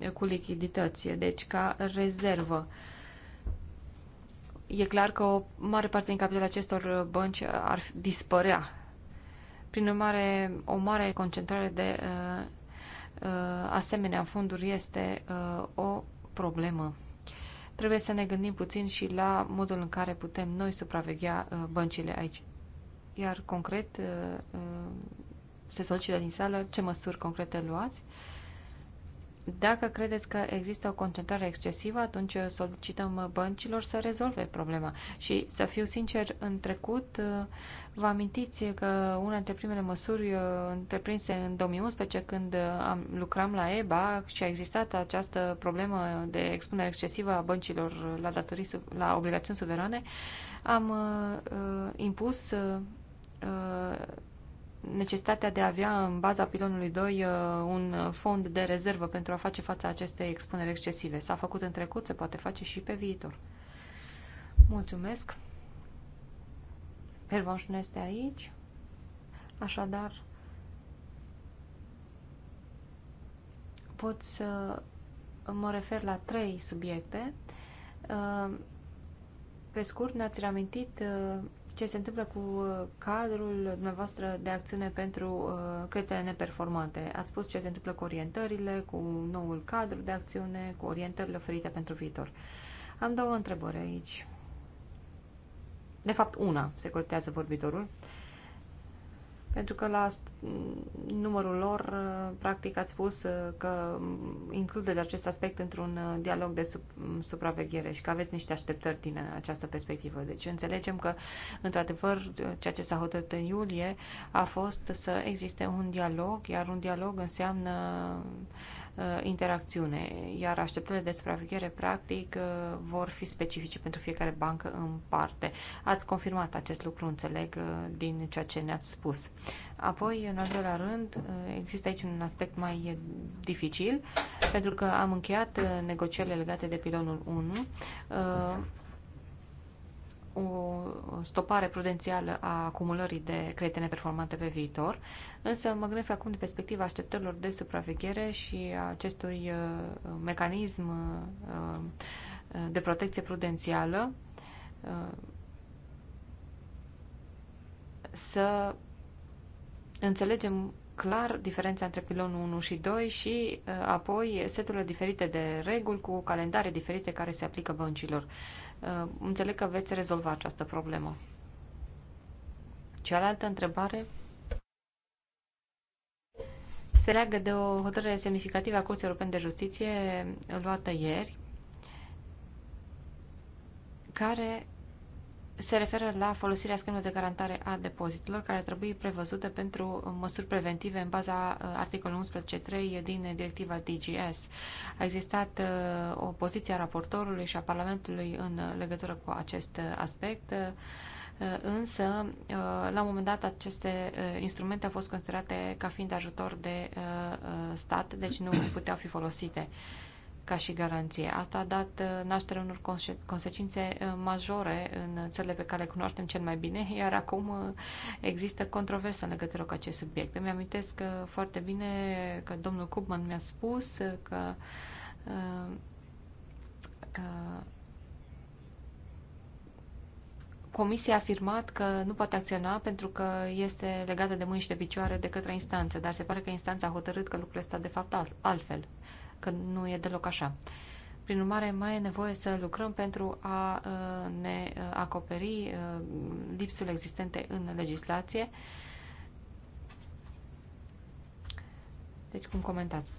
uh, cu lichidități, deci ca rezervă. E clar că o mare parte din capitalul acestor bănci ar dispărea. Prin urmare, o mare concentrare de uh, asemenea fonduri este o problemă. Trebuie să ne gândim puțin și la modul în care putem noi supraveghea băncile aici. Iar concret, se solicită din sală, ce măsuri concrete luați. Dacă credeți că există o concentrare excesivă, atunci solicităm băncilor să rezolve problema. Și să fiu sincer, în trecut, vă amintiți că una dintre primele măsuri uh, întreprinse în 2011, când uh, am, lucram la EBA și a existat această problemă de expunere excesivă a băncilor la, datorii, la obligațiuni suverane, am uh, uh impus uh, necesitatea de a avea în baza pilonului 2 uh, un fond de rezervă pentru a face față acestei expuneri excesive. S-a făcut în trecut, se poate face și pe viitor. Mulțumesc. Pervanș nu este aici. Așadar, pot să mă refer la trei subiecte. Uh, pe scurt, ne-ați reamintit uh, ce se întâmplă cu uh, cadrul dumneavoastră de acțiune pentru uh, creditele neperformante. Ați spus ce se întâmplă cu orientările, cu noul cadru de acțiune, cu orientările oferite pentru viitor. Am două întrebări aici. De fapt, una, se corectează vorbitorul. Uh, pentru că la numărul lor, uh, practic ați spus uh, că includeți acest aspect într-un uh, dialog de supraveghere și că aveți niște așteptări din această perspectivă. Deci înțelegem că, într-adevăr, ceea ce s-a hotărât în iulie a fost să existe un dialog, iar un dialog înseamnă uh, Uh, interacțiune, iar așteptările de supraveghere practic uh, vor fi specifice pentru fiecare bancă în parte. Ați confirmat acest lucru, înțeleg, uh, din ceea ce ne-ați spus. Apoi, în al doilea rând, există aici un aspect mai dificil, pentru că am încheiat negocierile legate de pilonul 1 o stopare prudențială a acumulării de credite neperformante pe viitor, însă mă gândesc acum din perspectiva așteptărilor de supraveghere și a acestui uh, mecanism uh, uh, de protecție prudențială să înțelegem clar diferența între pilonul 1 și 2 și apoi seturile diferite de reguli cu calendare diferite care se aplică băncilor. Uh, înțeleg că veți rezolva această problemă. Cealaltă întrebare se leagă de o hotărâre semnificativă a Curții Europene de Justiție luată ieri, care se referă la folosirea schemelor de garantare a depozitelor care trebuie prevăzute pentru uh, măsuri preventive în baza uh, articolului 11.3 din directiva DGS. A existat uh, o poziție a raportorului și a Parlamentului în legătură cu acest aspect, însă la un moment dat aceste instrumente au fost considerate ca fiind ajutor de stat, deci nu puteau fi folosite ca și garanție. Asta a dat uh, naștere unor consecințe uh, majore în țările pe care le cunoaștem cel mai bine, iar acum uh, există controversă în legătură cu acest subiect. Îmi amintesc foarte bine că domnul Kubman mi-a spus că Comisia a afirmat că nu poate acționa pentru că este legată de mâini și de picioare de către instanță, dar se pare că instanța a hotărât că lucrurile stau de fapt altfel că nu e deloc așa. Prin urmare, mai e nevoie să lucrăm pentru a uh, ne uh, acoperi uh, lipsurile existente în legislație. Deci, cum comentați?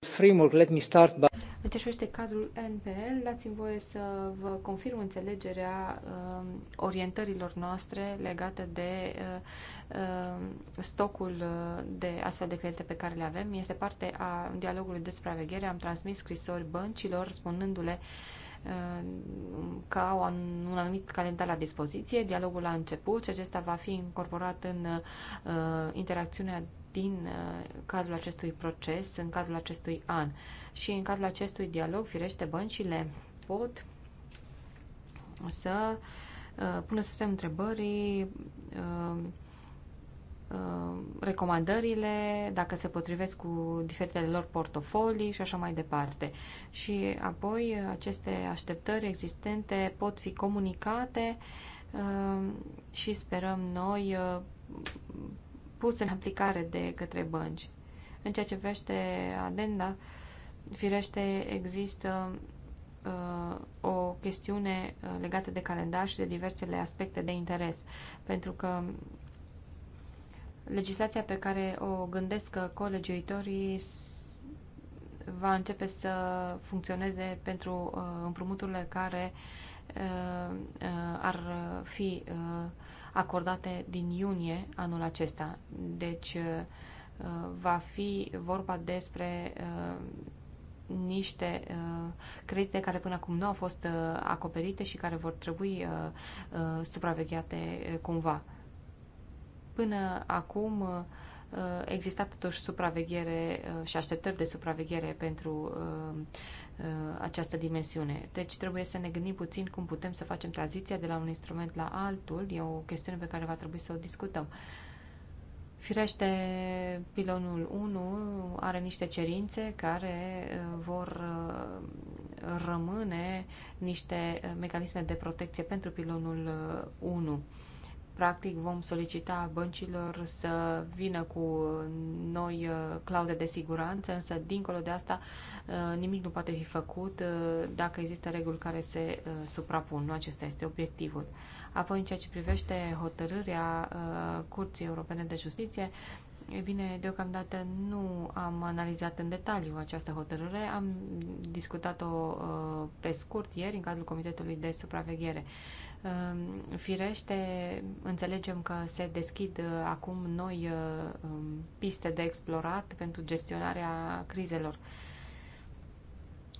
Framework, let me start by... În ce privește cadrul NPL, dați-mi voie să vă confirm înțelegerea uh, orientărilor noastre legate de uh, um, stocul uh, de astfel de credite pe care le avem. Este parte a dialogului de supraveghere. Am transmis scrisori băncilor spunându-le uh, că au un anumit calendar la dispoziție. Dialogul a început și acesta va fi incorporat în uh, interacțiunea din uh, cadrul acestui proces, în cadrul acestui an. Uh, și în cadrul acestui dialog, firește, băncile pot să uh, pună sub semn întrebării uh, uh, recomandările, dacă se potrivesc cu diferitele lor portofolii și așa mai departe. Și apoi aceste așteptări existente pot fi comunicate și sperăm noi puse în aplicare de către bănci. În ceea ce privește adenda, Firește, există uh, o chestiune uh, legată de calendar și de diversele aspecte de interes, pentru că legislația pe care o gândesc colegiuitorii va începe să funcționeze pentru uh, împrumuturile care uh, uh, ar fi acordate din iunie anul acesta. Deci va fi vorba despre niște uh, credite care până acum nu au fost uh, acoperite și care vor trebui uh, uh, supravegheate uh, cumva. Până acum uh, exista totuși supraveghere uh, și așteptări de supraveghere pentru uh, uh, această dimensiune. Deci trebuie să ne gândim puțin cum putem să facem tranziția de la un instrument la altul. E o chestiune pe care va trebui să o discutăm. Uh, Firește, pilonul 1 are niște cerințe care uh, vor uh, rămâne niște uh, mecanisme de protecție pentru pilonul 1 practic vom solicita băncilor să vină cu noi uh, clauze de siguranță, însă dincolo de asta uh, nimic nu poate fi făcut uh, dacă există reguli care se suprapun. Nu acesta este obiectivul. Apoi, în ceea ce privește hotărârea Curții Europene de Justiție, E bine, deocamdată nu am analizat în detaliu această hotărâre, am discutat-o pe scurt ieri în cadrul Comitetului de Supraveghere. Ehm, firește, înțelegem că se deschid uh, acum noi uh, um, piste de explorat pentru gestionarea crizelor.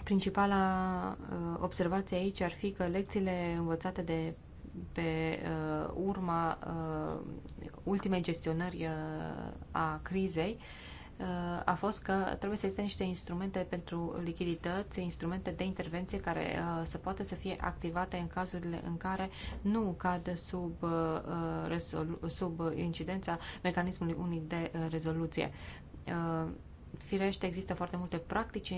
Principala uh, observație aici ar fi că lecțiile învățate de pe urma ultimei gestionări a crizei a fost că trebuie să existe niște instrumente pentru lichidități, instrumente de intervenție care uh, să poată să fie activate în cazurile în care nu cad sub, uh, sub incidența mecanismului unic de uh, rezoluție. Firește, există foarte multe practici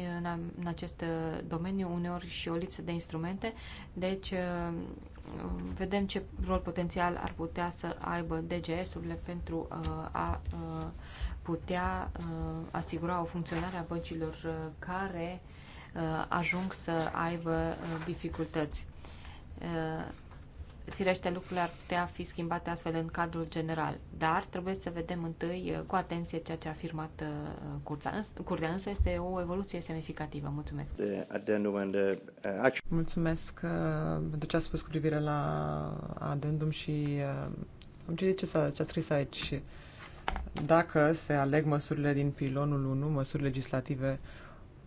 în, acest domeniu, uneori și o lipsă de instrumente, deci vedem ce rol potențial ar putea să aibă DGS-urile pentru a, a putea uh, asigura o funcționare a băncilor uh, care uh, ajung să aibă dificultăți. Firește, lucrurile ar putea fi schimbate astfel în cadrul general, dar trebuie să vedem întâi cu atenție ceea ce a afirmat curța. Curtea însă este o evoluție semnificativă. Mulțumesc! Mulțumesc pentru ce a spus cu privire la adendum și am citit ce, a a scris aici dacă se aleg măsurile din pilonul 1, măsuri legislative,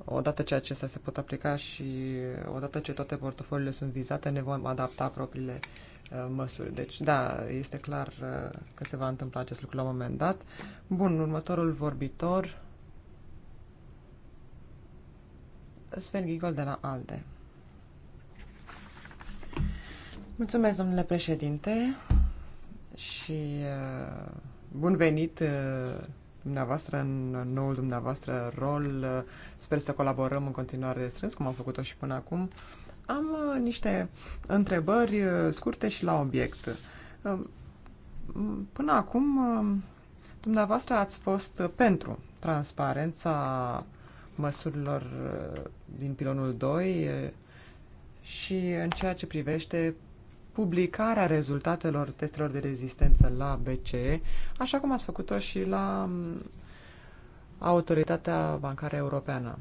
odată ce acestea se pot aplica și odată ce toate portofoliile sunt vizate, ne vom adapta propriile uh, măsuri. Deci, da, este clar uh, că se va întâmpla acest lucru la un moment dat. Bun, următorul vorbitor, Sven Gigol de la ALDE. Mulțumesc, domnule președinte, și uh, Bun venit uh, dumneavoastră în noul dumneavoastră rol. Uh, sper să colaborăm în continuare strâns, cum am făcut-o și până acum. Am uh, niște întrebări scurte și la obiect. Până acum, dumneavoastră ați fost pentru transparența măsurilor din pilonul 2 și în ceea ce privește publicarea rezultatelor testelor de rezistență la BCE, așa cum ați făcut-o și la mm, Autoritatea Bancară Europeană.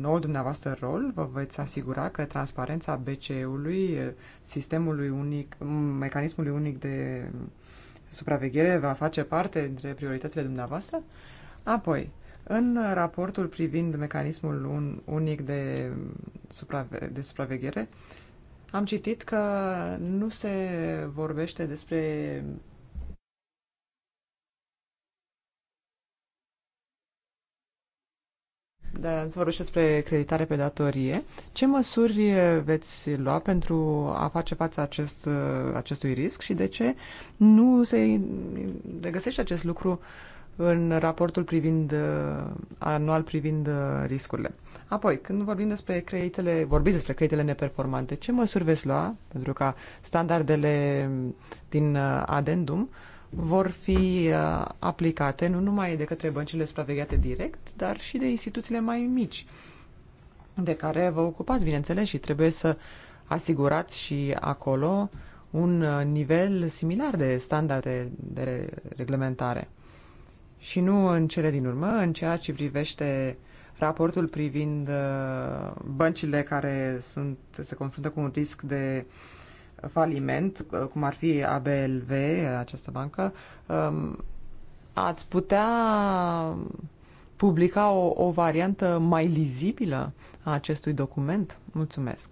Nou dumneavoastră rol, vă veți asigura că transparența BCE-ului, sistemului unic, mecanismului unic de supraveghere va face parte dintre prioritățile dumneavoastră? Apoi, în raportul privind mecanismul un, unic de, suprave, de supraveghere, am citit că nu se vorbește despre Da, să vorbesc despre creditare pe datorie. Ce măsuri veți lua pentru a face față acest, acestui risc și de ce nu se regăsește acest lucru uh, în raportul privind uh, anual privind uh, riscurile. Apoi, când vorbim despre creditele, vorbiți despre creditele neperformante, ce măsuri veți lua pentru ca standardele din uh, adendum vor fi aplicate nu numai de către băncile supravegheate direct, dar și de instituțiile mai mici de care vă ocupați, bineînțeles, și trebuie să asigurați și acolo un nivel similar de standarde de reglementare și nu în cele din urmă, în ceea ce privește raportul privind uh, băncile care sunt, se confruntă cu un risc de faliment, uh, cum ar fi ABLV, această bancă, um, ați putea publica o, o variantă mai lizibilă a acestui document? Mulțumesc!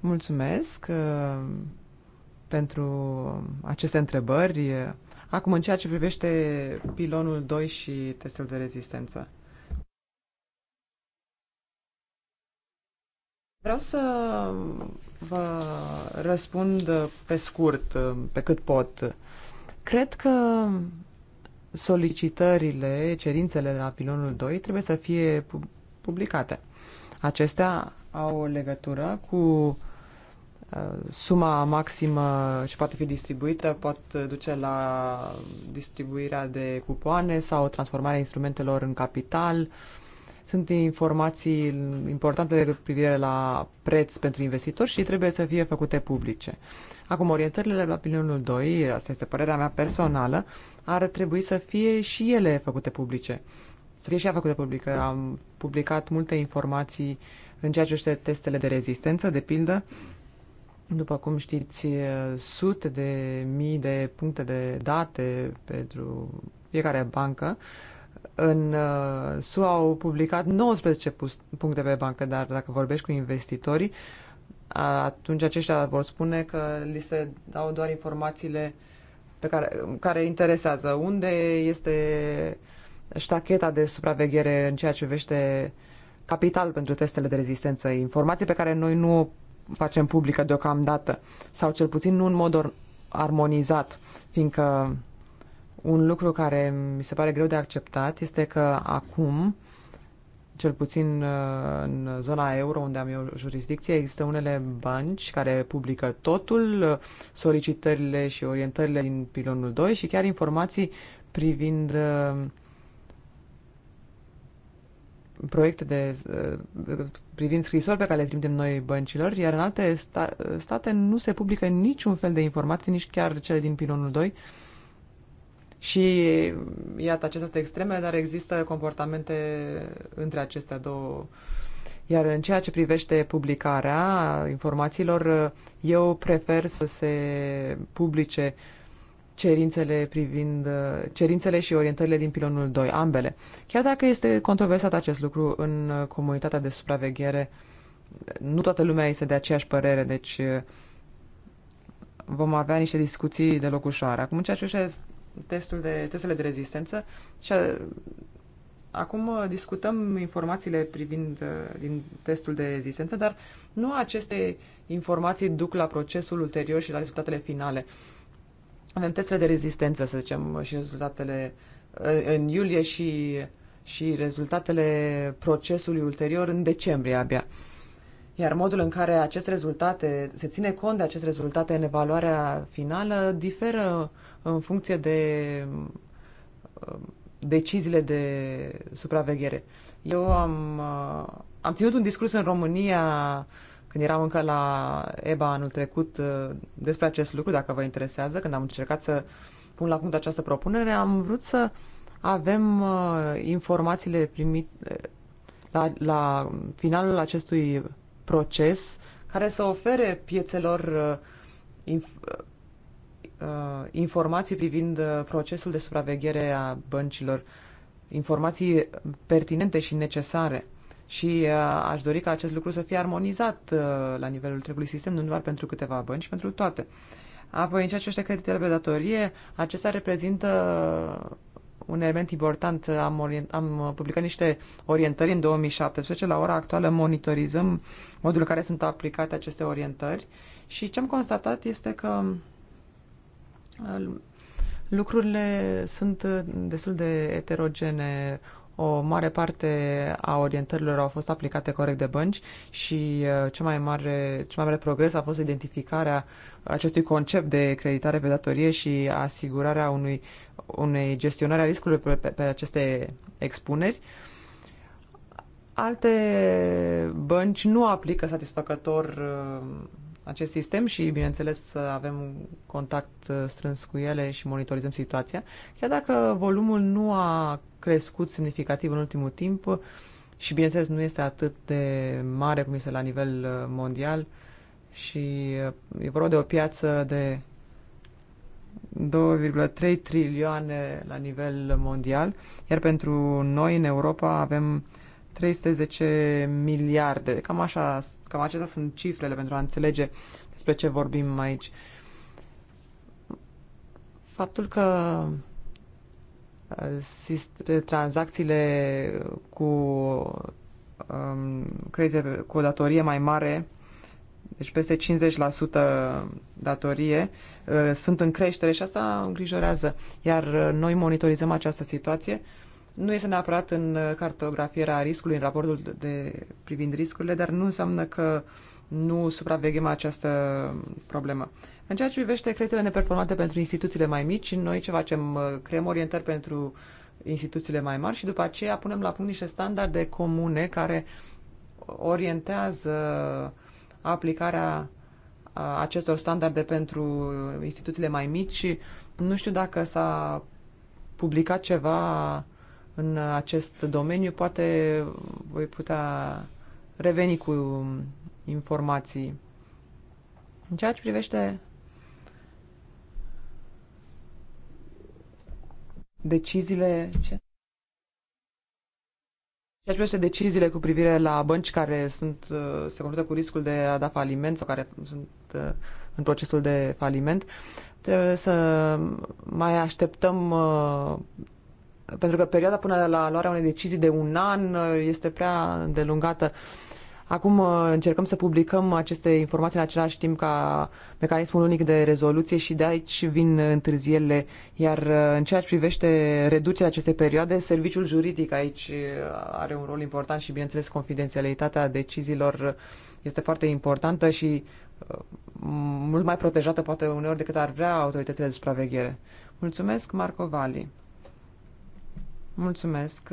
Mulțumesc uh, pentru aceste întrebări Acum, în ceea ce privește pilonul 2 și testul de rezistență. Vreau să vă răspund pe scurt, pe cât pot. Cred că solicitările, cerințele la pilonul 2 trebuie să fie publicate. Acestea au o legătură cu suma maximă ce poate fi distribuită poate duce la distribuirea de cupoane sau transformarea instrumentelor în capital. Sunt informații importante de privire la preț pentru investitori și trebuie să fie făcute publice. Acum, orientările la pilonul 2, asta este părerea mea personală, ar trebui să fie și ele făcute publice. Să fie și ea făcute publică. Am publicat multe informații în ceea ce este testele de rezistență, de pildă, după cum știți, sute de mii de puncte de date pentru fiecare bancă. În SUA au publicat 19 puncte pe bancă, dar dacă vorbești cu investitorii, atunci aceștia vor spune că li se dau doar informațiile pe care, care interesează. Unde este ștacheta de supraveghere în ceea ce vește capital pentru testele de rezistență, informații pe care noi nu o facem publică deocamdată, sau cel puțin nu în mod armonizat, fiindcă un lucru care mi se pare greu de acceptat este că acum, cel puțin uh, în zona euro, unde am eu jurisdicție, există unele bănci care publică totul, uh, solicitările și orientările din pilonul 2 și chiar informații privind uh, proiecte de privind scrisori pe care le trimitem noi băncilor, iar în alte sta- state nu se publică niciun fel de informații, nici chiar cele din pilonul 2. Și iată, acestea sunt extreme, dar există comportamente între acestea două. Iar în ceea ce privește publicarea informațiilor, eu prefer să se publice uh, cerințele privind uh, cerințele și orientările din pilonul 2, ambele. Chiar dacă este controversat acest lucru în uh, comunitatea de supraveghere, nu toată lumea este de aceeași părere, deci uh, vom avea niște discuții de loc ușoare. Acum, în ceea ce este testul de, testele de rezistență, și a, acum discutăm informațiile privind din testul de rezistență, dar nu aceste informații duc la procesul ulterior și la rezultatele finale. Uh, avem testele de rezistență, să zicem, și rezultatele în iulie și, și rezultatele procesului ulterior în decembrie abia. Iar modul în care aceste rezultate, se ține cont de aceste rezultate în evaluarea finală, diferă în funcție de deciziile de supraveghere. Eu am, am ținut un discurs în România când eram încă la EBA anul trecut uh, despre acest lucru, dacă vă interesează, când am încercat să pun la punct această propunere, am vrut să avem uh, informațiile primite uh, la, la finalul acestui proces care să ofere piețelor inf- informații privind procesul de supraveghere a băncilor, informații pertinente și necesare. Și uh, aș dori ca acest lucru să fie armonizat uh, la nivelul întregului sistem, nu doar pentru câteva bănci, ci pentru toate. Apoi, în ceea ce creditele pe datorie, acestea reprezintă un element important. Am, orient, am publicat niște orientări în 2017. La ora actuală monitorizăm modul în care sunt aplicate aceste orientări și ce am constatat este că uh, lucrurile sunt destul de eterogene. O mare parte a orientărilor au fost aplicate corect de bănci și uh, cel mai mare, cel mai mare progres a fost identificarea acestui concept de creditare pe datorie și asigurarea unui, unei gestionare a riscului pe, pe, pe aceste expuneri. Alte bănci nu aplică satisfăcător uh, acest sistem și, bineînțeles, avem contact uh, strâns cu ele și monitorizăm situația. Chiar dacă volumul nu a crescut semnificativ în ultimul timp și, bineînțeles, nu este atât de mare cum este la nivel uh, mondial și uh, e vorba de o piață de 2,3 trilioane la nivel mondial, iar pentru noi în Europa avem 310 miliarde. Cam, așa, cam acestea sunt cifrele pentru a înțelege despre ce vorbim aici. Faptul că uh, tranzacțiile cu um, credite cu o datorie mai mare, deci peste 50% datorie, uh, sunt în creștere și asta îngrijorează. Iar uh, noi monitorizăm această situație uh, nu este neapărat în uh, cartografierea riscului, în raportul de privind riscurile, dar nu înseamnă că nu supraveghem această problemă. În ceea ce privește creditele neperformante pentru instituțiile mai mici, noi ce facem? Uh, creăm orientări pentru instituțiile mai mari și după aceea punem la punct niște standarde comune care orientează aplicarea acestor standarde pentru instituțiile mai mici. Nu știu dacă s-a publicat ceva în acest domeniu. Poate voi putea reveni cu informații. În ceea ce privește deciziile ce? Ceea ce privește deciziile cu privire la bănci care sunt, uh, se confruntă cu riscul de a da faliment sau care sunt uh, în procesul de faliment, trebuie să mai așteptăm uh, pentru că perioada până la luarea unei decizii de un an uh, este prea îndelungată. Acum uh, încercăm să publicăm aceste informații în același timp ca mecanismul unic de rezoluție și de aici vin întârzierile. Iar uh, în ceea ce privește reducerea acestei perioade, serviciul juridic aici are un rol important și, bineînțeles, confidențialitatea deciziilor este foarte importantă și mult mai protejată poate uneori decât ar vrea autoritățile de supraveghere. Mulțumesc, Marco Vali. Mulțumesc.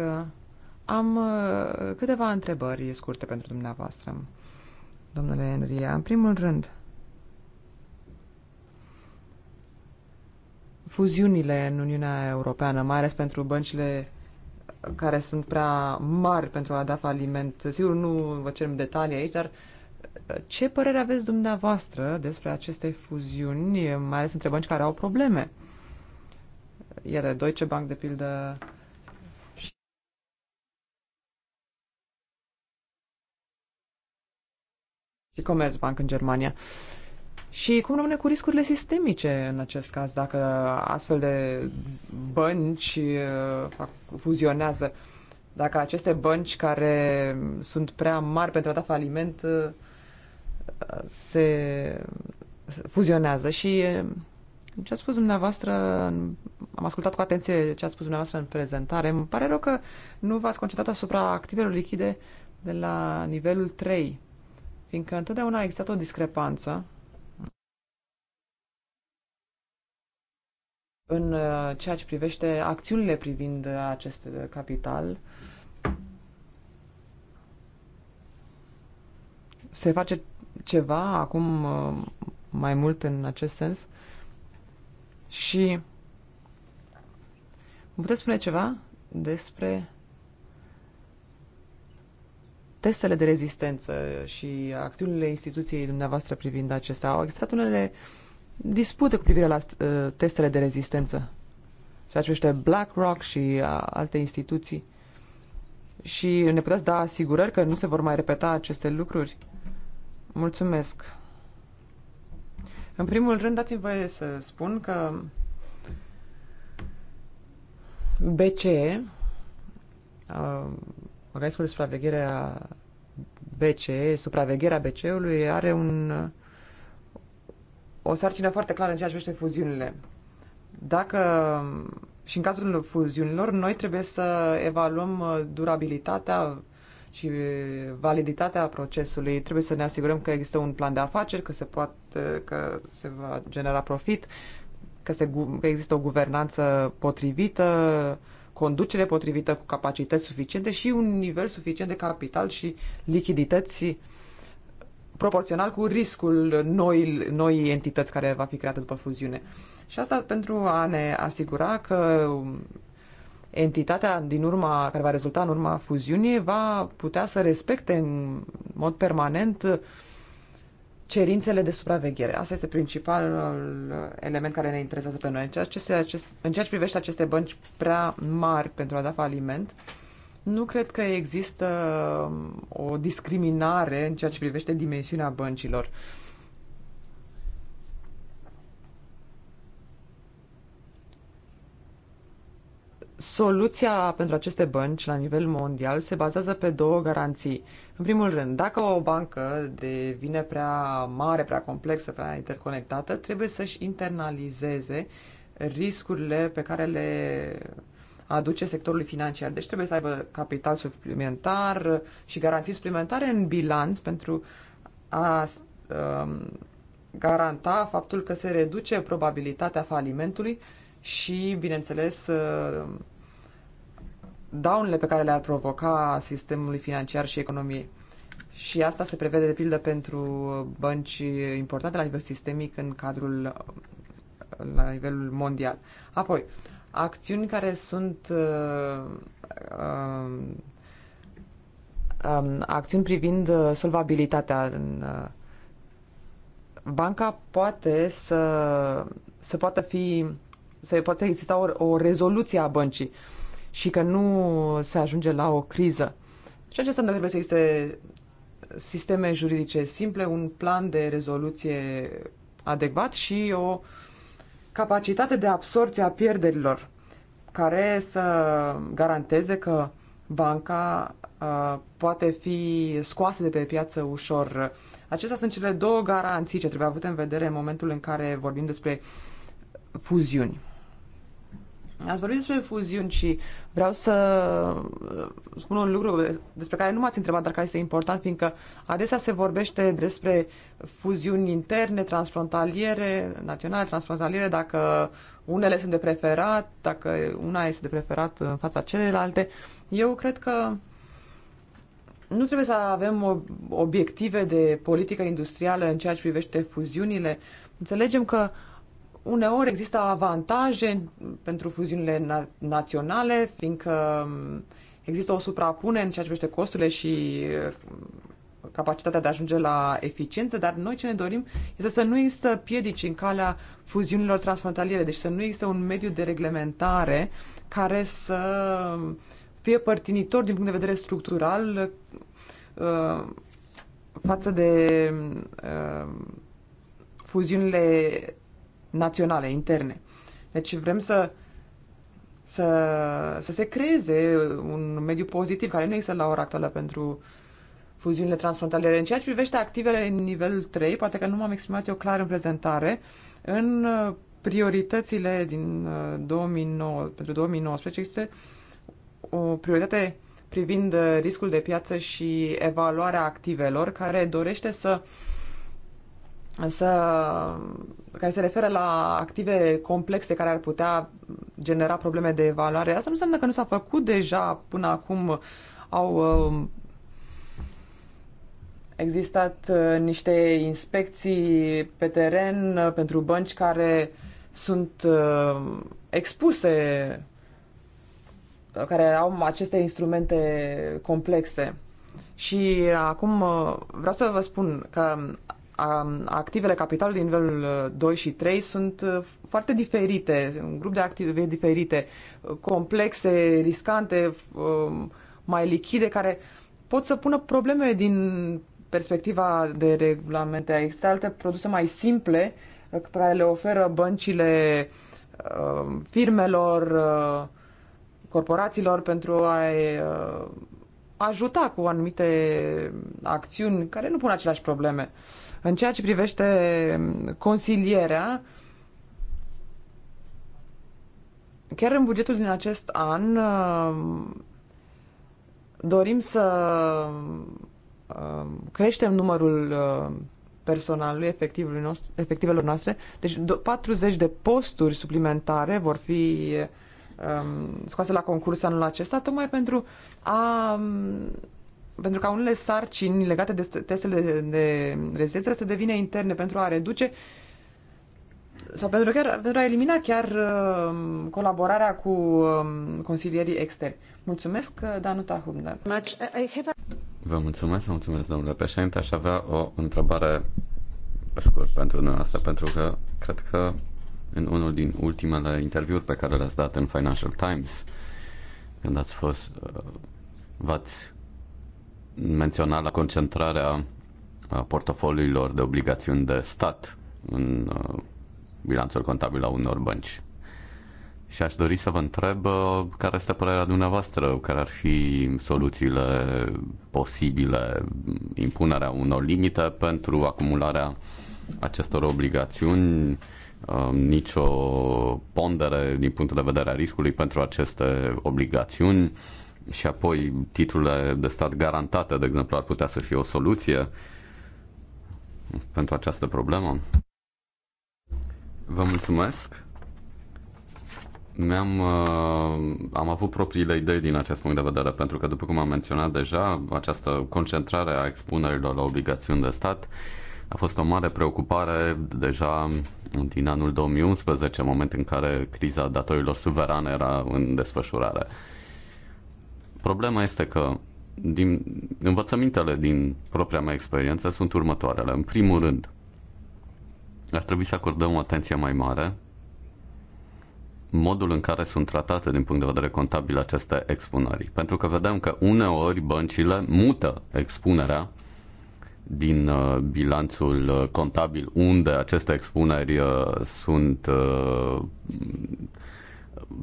Am uh, câteva întrebări scurte pentru dumneavoastră, domnule Enria. În primul rând, fuziunile în Uniunea Europeană, mai ales pentru băncile care sunt prea mari pentru a da faliment. Sigur, nu vă cerem detalii aici, dar uh, ce părere aveți dumneavoastră despre aceste fuziuni, mai ales între bănci care au probleme? Iată, Deutsche Bank, de pildă, și Commerzbank în Germania. Și cum rămâne cu riscurile sistemice în acest caz, dacă astfel de bănci uh, fac, fuzionează, dacă aceste bănci care sunt prea mari pentru a da faliment uh, se fuzionează și uh, ce a spus dumneavoastră, am ascultat cu atenție ce a spus dumneavoastră în prezentare. Îmi pare rău că nu v-ați concentrat asupra activelor lichide de la nivelul 3 fiindcă întotdeauna a existat o discrepanță în uh, ceea ce privește acțiunile privind uh, acest uh, capital. Se face ceva acum mai mult în acest sens și puteți spune ceva despre testele de rezistență și acțiunile instituției dumneavoastră privind acestea. Au existat unele dispute cu privire la uh, testele de rezistență și aceștia BlackRock și uh, alte instituții. Și ne puteți da asigurări că nu se vor mai repeta aceste lucruri? Mulțumesc! În primul rând, dați-mi voie să spun că BCE uh, Organismul de supraveghere a BCE, supravegherea BCE-ului are un, o sarcină foarte clară în ceea ce privește fuziunile. Dacă și în cazul fuziunilor, noi trebuie să evaluăm uh, durabilitatea și validitatea procesului. Trebuie să ne asigurăm că există un plan de afaceri, că se, poate, că se va genera profit, că, se, că există o guvernanță potrivită, conducere potrivită cu capacități suficiente și un nivel suficient de capital și lichidități proporțional cu riscul noi, noi entități care va fi creată după fuziune. Și asta pentru a ne asigura că entitatea din urma, care va rezulta în urma fuziunii va putea să respecte în mod permanent uh, cerințele de supraveghere. Asta este principalul uh, element care ne interesează pe noi. În ceea ce, se, acest, în ceea ce privește aceste bănci prea mari pentru a da faliment, nu cred că există um, o discriminare în ceea ce privește dimensiunea băncilor. Uh, Soluția pentru aceste bănci la nivel mondial se bazează pe două garanții. În primul rând, dacă o bancă devine prea mare, prea complexă, prea interconectată, trebuie să-și internalizeze riscurile pe care le aduce sectorului financiar. Deci trebuie să aibă capital suplimentar și garanții suplimentare în bilanț pentru a um, garanta faptul că se reduce probabilitatea falimentului și, bineînțeles, uh, daunele pe care le-ar provoca sistemului financiar și economiei. Și asta se prevede, de pildă, pentru bănci importante la nivel sistemic în cadrul uh, la nivelul mondial. Apoi, acțiuni care sunt uh, um, um, acțiuni privind uh, solvabilitatea în uh, banca poate să, să poată fi să poate exista o, o rezoluție a băncii și că nu se ajunge la o criză. și ce înseamnă că trebuie să existe sisteme juridice simple, un plan de rezoluție adecvat și o capacitate de absorție a pierderilor care să garanteze că banca a, poate fi scoasă de pe piață ușor. Acestea sunt cele două garanții ce trebuie avute în vedere în momentul în care vorbim despre fuziuni. Ați vorbit despre fuziuni și vreau să uh, spun un lucru despre care nu m-ați întrebat, dar care este important, fiindcă adesea se vorbește despre fuziuni interne, transfrontaliere, naționale, transfrontaliere, dacă unele sunt de preferat, dacă una este de preferat în fața celelalte. Eu cred că nu trebuie să avem obiective de politică industrială în ceea ce privește fuziunile. Înțelegem că uh, uneori există avantaje pentru fuziunile na- naționale, fiindcă um, există o suprapunere în ceea ce privește costurile și uh, capacitatea de a ajunge la eficiență, dar noi ce ne dorim este să nu există piedici în calea fuziunilor transfrontaliere, deci să nu există un mediu de reglementare care să um, fie părtinitor din punct de vedere structural uh, față de um, fuziunile naționale, interne. Deci vrem să, să, să se creeze un mediu pozitiv care nu există la ora actuală pentru fuziunile transfrontaliere. În ceea ce privește activele în nivelul 3, poate că nu m-am exprimat eu clar în prezentare, în uh, prioritățile din 2009, uh, pentru 2019 există o prioritate privind uh, riscul de piață și evaluarea activelor, care dorește să uh, să, care se referă la active complexe care ar putea genera probleme de evaluare, asta nu înseamnă că nu s-a făcut deja până acum au um, existat uh, niște inspecții pe teren uh, pentru bănci care sunt uh, expuse, care au aceste instrumente complexe. Și acum vreau să vă spun că activele capitalului din nivelul 2 uh, și 3 sunt uh, foarte diferite, un grup de active diferite, uh, complexe, riscante, mai lichide, care pot să pună probleme din perspectiva de regulamente. Există alte produse mai simple pe care le oferă băncile firmelor, corporațiilor pentru a ajuta cu anumite acțiuni care nu pun aceleași probleme. În ceea ce privește consilierea, chiar în bugetul din acest an uh, dorim să uh, creștem numărul uh, personalului efectivului nostru, efectivelor noastre. Deci 40 de posturi suplimentare vor fi um, scoase la concurs anul acesta, tocmai pentru a um, pentru ca unele sarcini legate de testele de, de rezistență să devină interne pentru a reduce sau pentru, chiar, pentru a elimina chiar uh, colaborarea cu uh, consilierii externi. Mulțumesc, uh, Danuta Hubner. Vă mulțumesc, mulțumesc, domnule președinte. Aș avea o întrebare pe scurt pentru dumneavoastră, pentru că cred că în unul din ultimele interviuri pe care le-ați dat în Financial Times, când ați fost, uh, v-ați menționa la concentrarea portofoliilor de obligațiuni de stat în bilanțul contabil a unor bănci. Și aș dori să vă întreb care este părerea dumneavoastră, care ar fi soluțiile posibile, impunerea unor limite pentru acumularea acestor obligațiuni, nicio pondere din punctul de vedere a riscului pentru aceste obligațiuni și apoi titlurile de stat garantate, de exemplu, ar putea să fie o soluție pentru această problemă. Vă mulțumesc. Mi-am, uh, am avut propriile idei din acest punct de vedere, pentru că, după cum am menționat deja, această concentrare a expunerilor la obligațiuni de stat a fost o mare preocupare deja din anul 2011, moment în care criza datorilor suverane era în desfășurare. Problema este că din învățămintele din propria mea experiență sunt următoarele. În primul rând, ar trebui să acordăm o atenție mai mare modul în care sunt tratate din punct de vedere contabil aceste expunări. Pentru că vedem că uneori băncile mută expunerea din uh, bilanțul uh, contabil unde aceste expuneri uh, sunt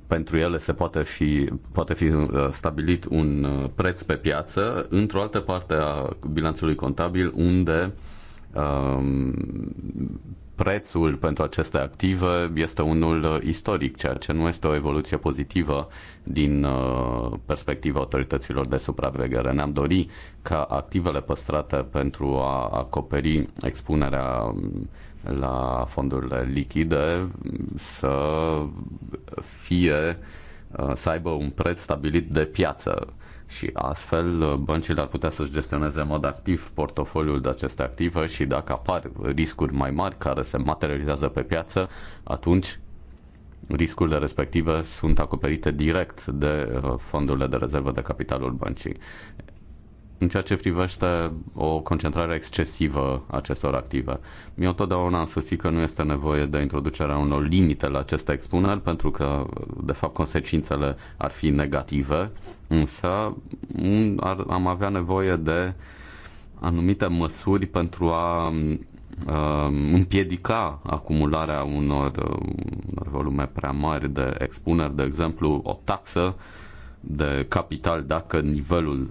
pentru ele se poate fi, poate fi uh, stabilit un uh, preț pe piață, într-o altă parte a bilanțului contabil unde um, prețul pentru aceste active este unul uh, istoric, ceea ce nu este o evoluție pozitivă din perspectiva autorităților de supraveghere. Ne-am dorit ca activele păstrate pentru a acoperi expunerea um, la fondurile lichide să fie uh, să aibă un preț stabilit de piață și astfel uh, băncile ar putea să-și gestioneze în mod activ portofoliul de aceste active și dacă apar riscuri mai mari care se materializează pe piață, atunci riscurile respective sunt acoperite direct de uh, fondurile de rezervă de capitalul băncii în ceea ce privește o concentrare excesivă a acestor active. Eu totdeauna am susțin că nu este nevoie de introducerea unor limite la aceste expuneri, pentru că, de fapt, consecințele ar fi negative, însă ar, am avea nevoie de anumite măsuri pentru a uh, împiedica acumularea unor, unor volume prea mari de expuneri, de exemplu, o taxă de capital dacă nivelul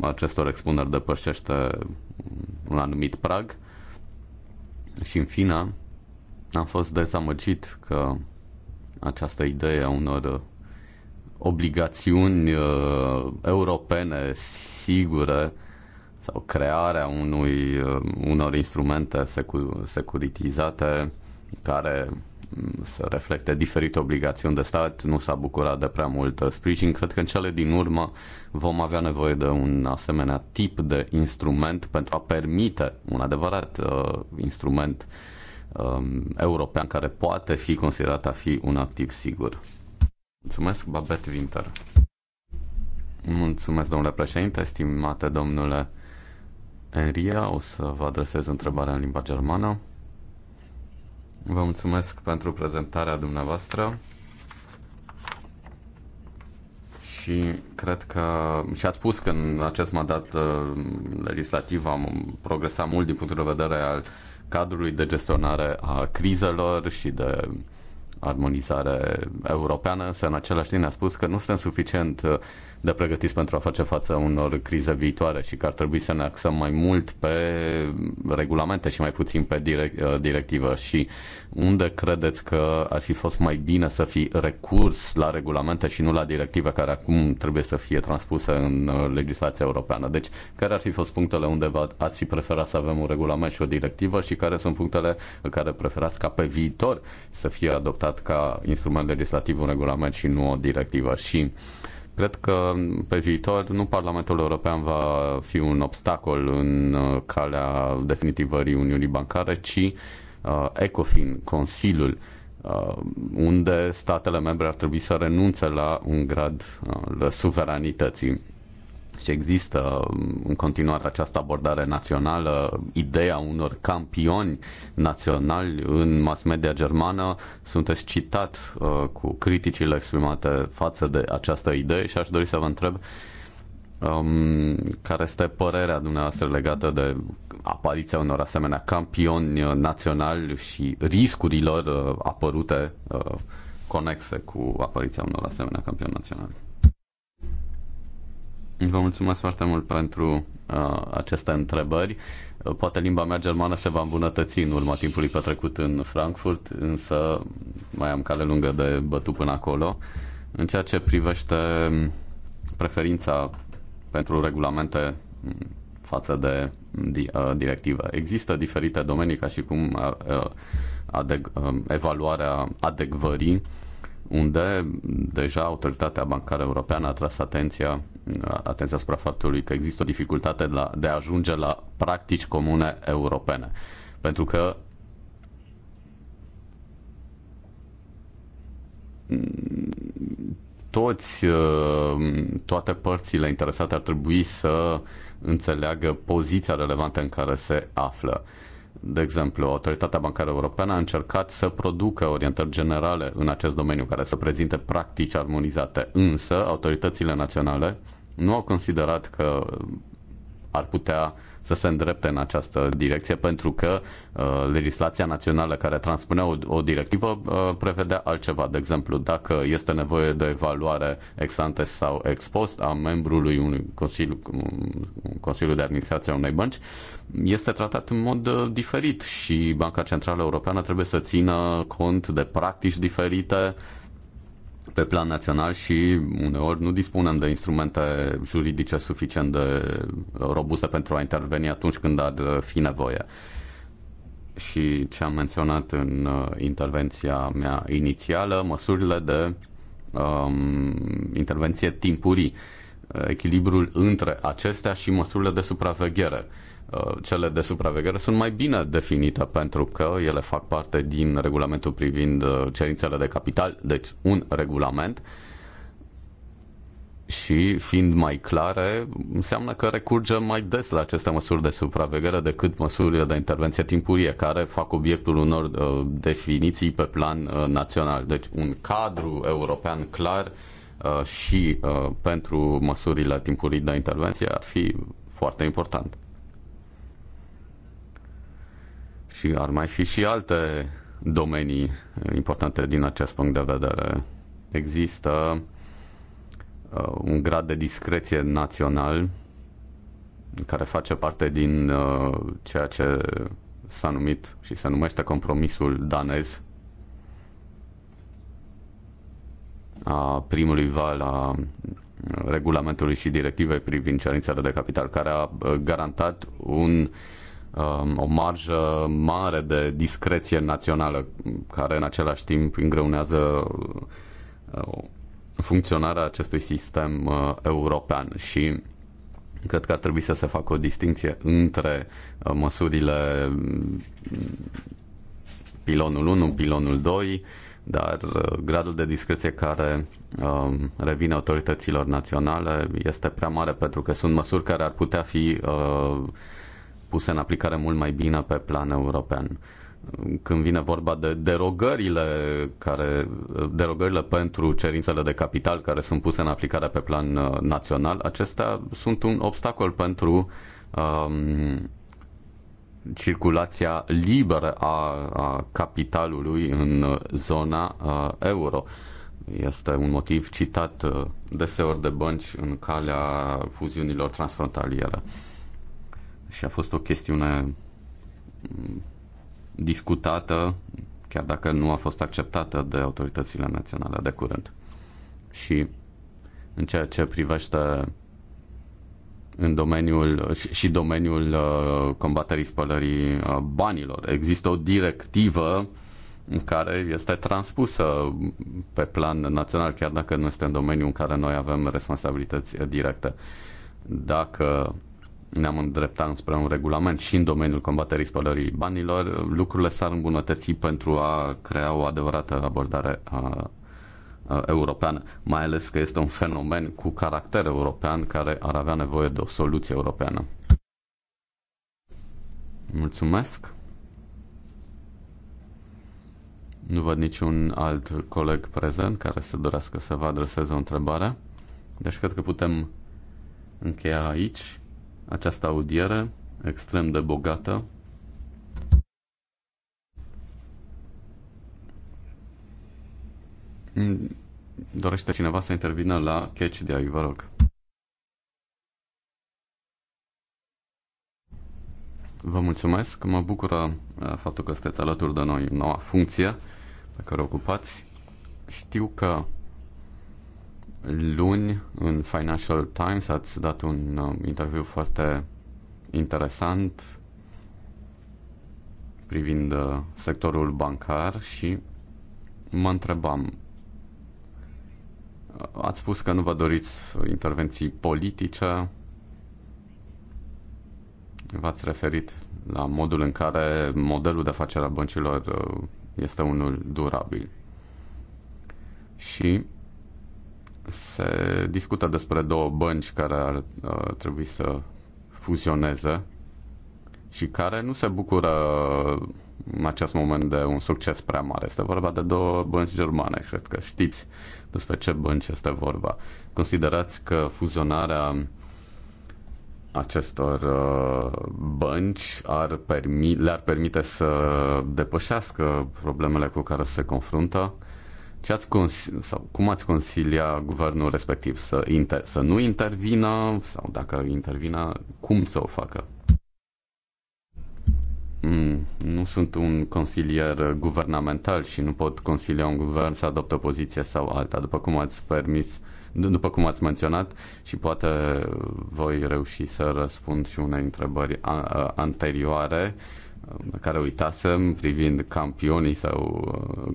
acestor expuneri depășește un anumit prag. Și în fine, am fost dezamăgit că această idee a unor uh, obligațiuni uh, europene sigure sau crearea unui, uh, unor instrumente secu- securitizate care mm, să reflecte diferite obligațiuni de stat, nu s-a bucurat de prea mult uh, sprijin. Cred că în cele din urmă vom avea nevoie de un asemenea tip de instrument pentru a permite un adevărat uh, instrument um, european care poate fi considerat a fi un activ sigur. Mulțumesc, Babet Winter. Mulțumesc, domnule președinte, stimate domnule Enria. O să vă adresez întrebarea în limba germană. Vă mulțumesc pentru prezentarea dumneavoastră și cred că și ați spus că în acest mandat uh, legislativ am progresat mult din punctul de vedere al cadrului de gestionare a crizelor și de armonizare europeană, însă în același timp a spus că nu suntem suficient uh, de pregătiți pentru a face față unor crize viitoare și că ar trebui să ne axăm mai mult pe regulamente și mai puțin pe direct, uh, directivă și unde credeți că ar fi fost mai bine să fi recurs la regulamente și nu la directivă care acum trebuie să fie transpusă în uh, legislația europeană. Deci, care ar fi fost punctele unde ați fi preferat să avem un regulament și o directivă și care sunt punctele care preferați ca pe viitor să fie adoptat ca instrument legislativ un regulament și nu o directivă? Și uh, Cred că pe viitor nu Parlamentul European va fi un obstacol în uh, calea definitivării Uniunii Bancare, ci uh, ECOFIN, Consiliul, uh, unde statele membre ar trebui să renunțe la un grad uh, suveranității. Deci există um, în continuare această abordare națională, ideea unor campioni naționali în mass media germană. Sunteți citat uh, cu criticile exprimate față de această idee și aș dori să vă întreb um, care este părerea dumneavoastră legată de apariția unor asemenea campioni uh, naționali și riscurilor uh, apărute uh, conexe cu apariția unor asemenea campioni naționali. Vă mulțumesc foarte mult pentru uh, aceste întrebări. Uh, poate limba mea germană se va îmbunătăți în urma timpului petrecut în Frankfurt, însă mai am cale lungă de bătut până acolo. În ceea ce privește preferința pentru regulamente față de uh, directivă. Există diferite domenii, ca și cum uh, evaluarea adecvării unde deja autoritatea bancară europeană a tras atenția, atenția asupra faptului că există o dificultate la, de a ajunge la practici comune europene. Pentru că toți, toate părțile interesate ar trebui să înțeleagă poziția relevantă în care se află. De exemplu, Autoritatea Bancară Europeană a încercat să producă orientări generale în acest domeniu care să prezinte practici armonizate, însă autoritățile naționale nu au considerat că ar putea să se îndrepte în această direcție, pentru că uh, legislația națională care transpunea o, o directivă uh, prevedea altceva. De exemplu, dacă este nevoie de evaluare ex ante sau ex post a membrului unui consiliu, un consiliu de administrație a unei bănci, este tratat în mod uh, diferit și Banca Centrală Europeană trebuie să țină cont de practici diferite pe plan național și uneori nu dispunem de instrumente juridice suficient de robuste pentru a interveni atunci când ar fi nevoie. Și ce am menționat în uh, intervenția mea inițială, măsurile de um, intervenție timpurii, echilibrul între acestea și măsurile de supraveghere. Uh, Uh, cele de supraveghere sunt mai bine definite pentru că ele fac parte din regulamentul privind uh, cerințele de capital, deci un regulament și fiind mai clare, înseamnă că recurgem mai des la aceste măsuri de supraveghere decât măsurile de intervenție timpurie, care fac obiectul unor uh, definiții pe plan uh, național. Deci un cadru european clar uh, și uh, pentru măsurile timpurii de intervenție ar fi foarte important. Și ar mai fi și alte domenii importante din acest punct de vedere. Există uh, un grad de discreție național care face parte din uh, ceea ce s-a numit și se numește compromisul danez a primului val a uh, regulamentului și directivei privind cerințele de capital, care a uh, garantat un uh, Um, o marjă mare de discreție națională, care în același timp îngreunează uh, funcționarea acestui sistem uh, european și cred că ar trebui să se facă o distinție între uh, măsurile mm, pilonul 1, pilonul 2, dar gradul de discreție care um, revine autorităților naționale este prea mare pentru că sunt măsuri care ar putea fi uh, puse în aplicare mult mai bine pe plan european. Când vine vorba de derogările, care, derogările pentru cerințele de capital care sunt puse în aplicare pe plan uh, național, acestea sunt un obstacol pentru um, circulația liberă a, a capitalului în uh, zona uh, euro. Este un motiv citat uh, deseori de bănci în calea fuziunilor transfrontaliere. Uh, și a fost o chestiune discutată, chiar dacă nu a fost acceptată de autoritățile naționale de curând. Și în ceea ce privește în domeniul și domeniul uh, combaterii spălării uh, banilor. Există o directivă care este transpusă pe plan național, chiar dacă nu este în domeniul în care noi avem responsabilități directe. Dacă ne-am îndreptat spre un regulament și în domeniul combaterii spălării banilor, lucrurile s-ar îmbunătăți pentru a crea o adevărată abordare a, a, europeană, mai ales că este un fenomen cu caracter european care ar avea nevoie de o soluție europeană. Mulțumesc! Nu văd niciun alt coleg prezent care să dorească să vă adreseze o întrebare, deci cred că putem încheia aici această audiere extrem de bogată. Dorește cineva să intervină la catch de ai, vă rog. Vă mulțumesc, mă bucură uh, faptul că sunteți alături de noi în noua funcție pe care o ocupați. Știu că luni în Financial Times ați dat un um, interviu foarte interesant privind uh, sectorul bancar și mă întrebam uh, ați spus că nu vă doriți intervenții politice v-ați referit la modul în care modelul de afacere a băncilor uh, este unul durabil și se discută despre două bănci care ar uh, trebui să fuzioneze și care nu se bucură în acest moment de un succes prea mare. Este vorba de două bănci germane, cred că știți despre ce bănci este vorba. Considerați că fuzionarea acestor uh, bănci ar permi, le-ar permite să depășească problemele cu care se confruntă ce ați cons- sau cum ați consilia guvernul respectiv? Să, inter- să nu intervină sau dacă intervină, cum să o facă? Mm, nu sunt un consilier guvernamental și nu pot consilia un guvern să adopte o poziție sau alta, după cum ați permis, după cum ați menționat și poate voi reuși să răspund și unei întrebări anterioare pe care uitasem privind campionii sau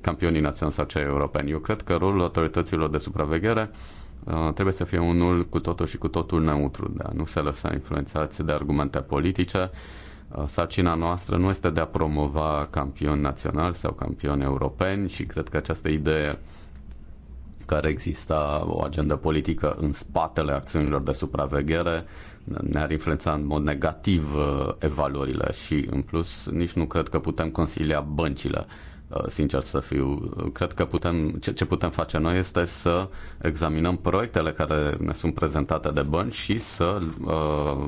campionii naționali sau cei europeni. Eu cred că rolul autorităților de supraveghere uh, trebuie să fie unul cu totul și cu totul neutru, de a nu se lăsa influențați de argumente politice. Uh, sarcina noastră nu este de a promova campioni naționali sau campioni europeni și cred că această idee care exista o agendă politică în spatele acțiunilor de supraveghere, ne-ar influența în mod negativ uh, evaluările și, în plus, nici nu cred că putem consilia băncile Uh, sincer să fiu, uh, cred că putem, ce, ce putem face noi este să examinăm proiectele care ne sunt prezentate de bănci și să uh,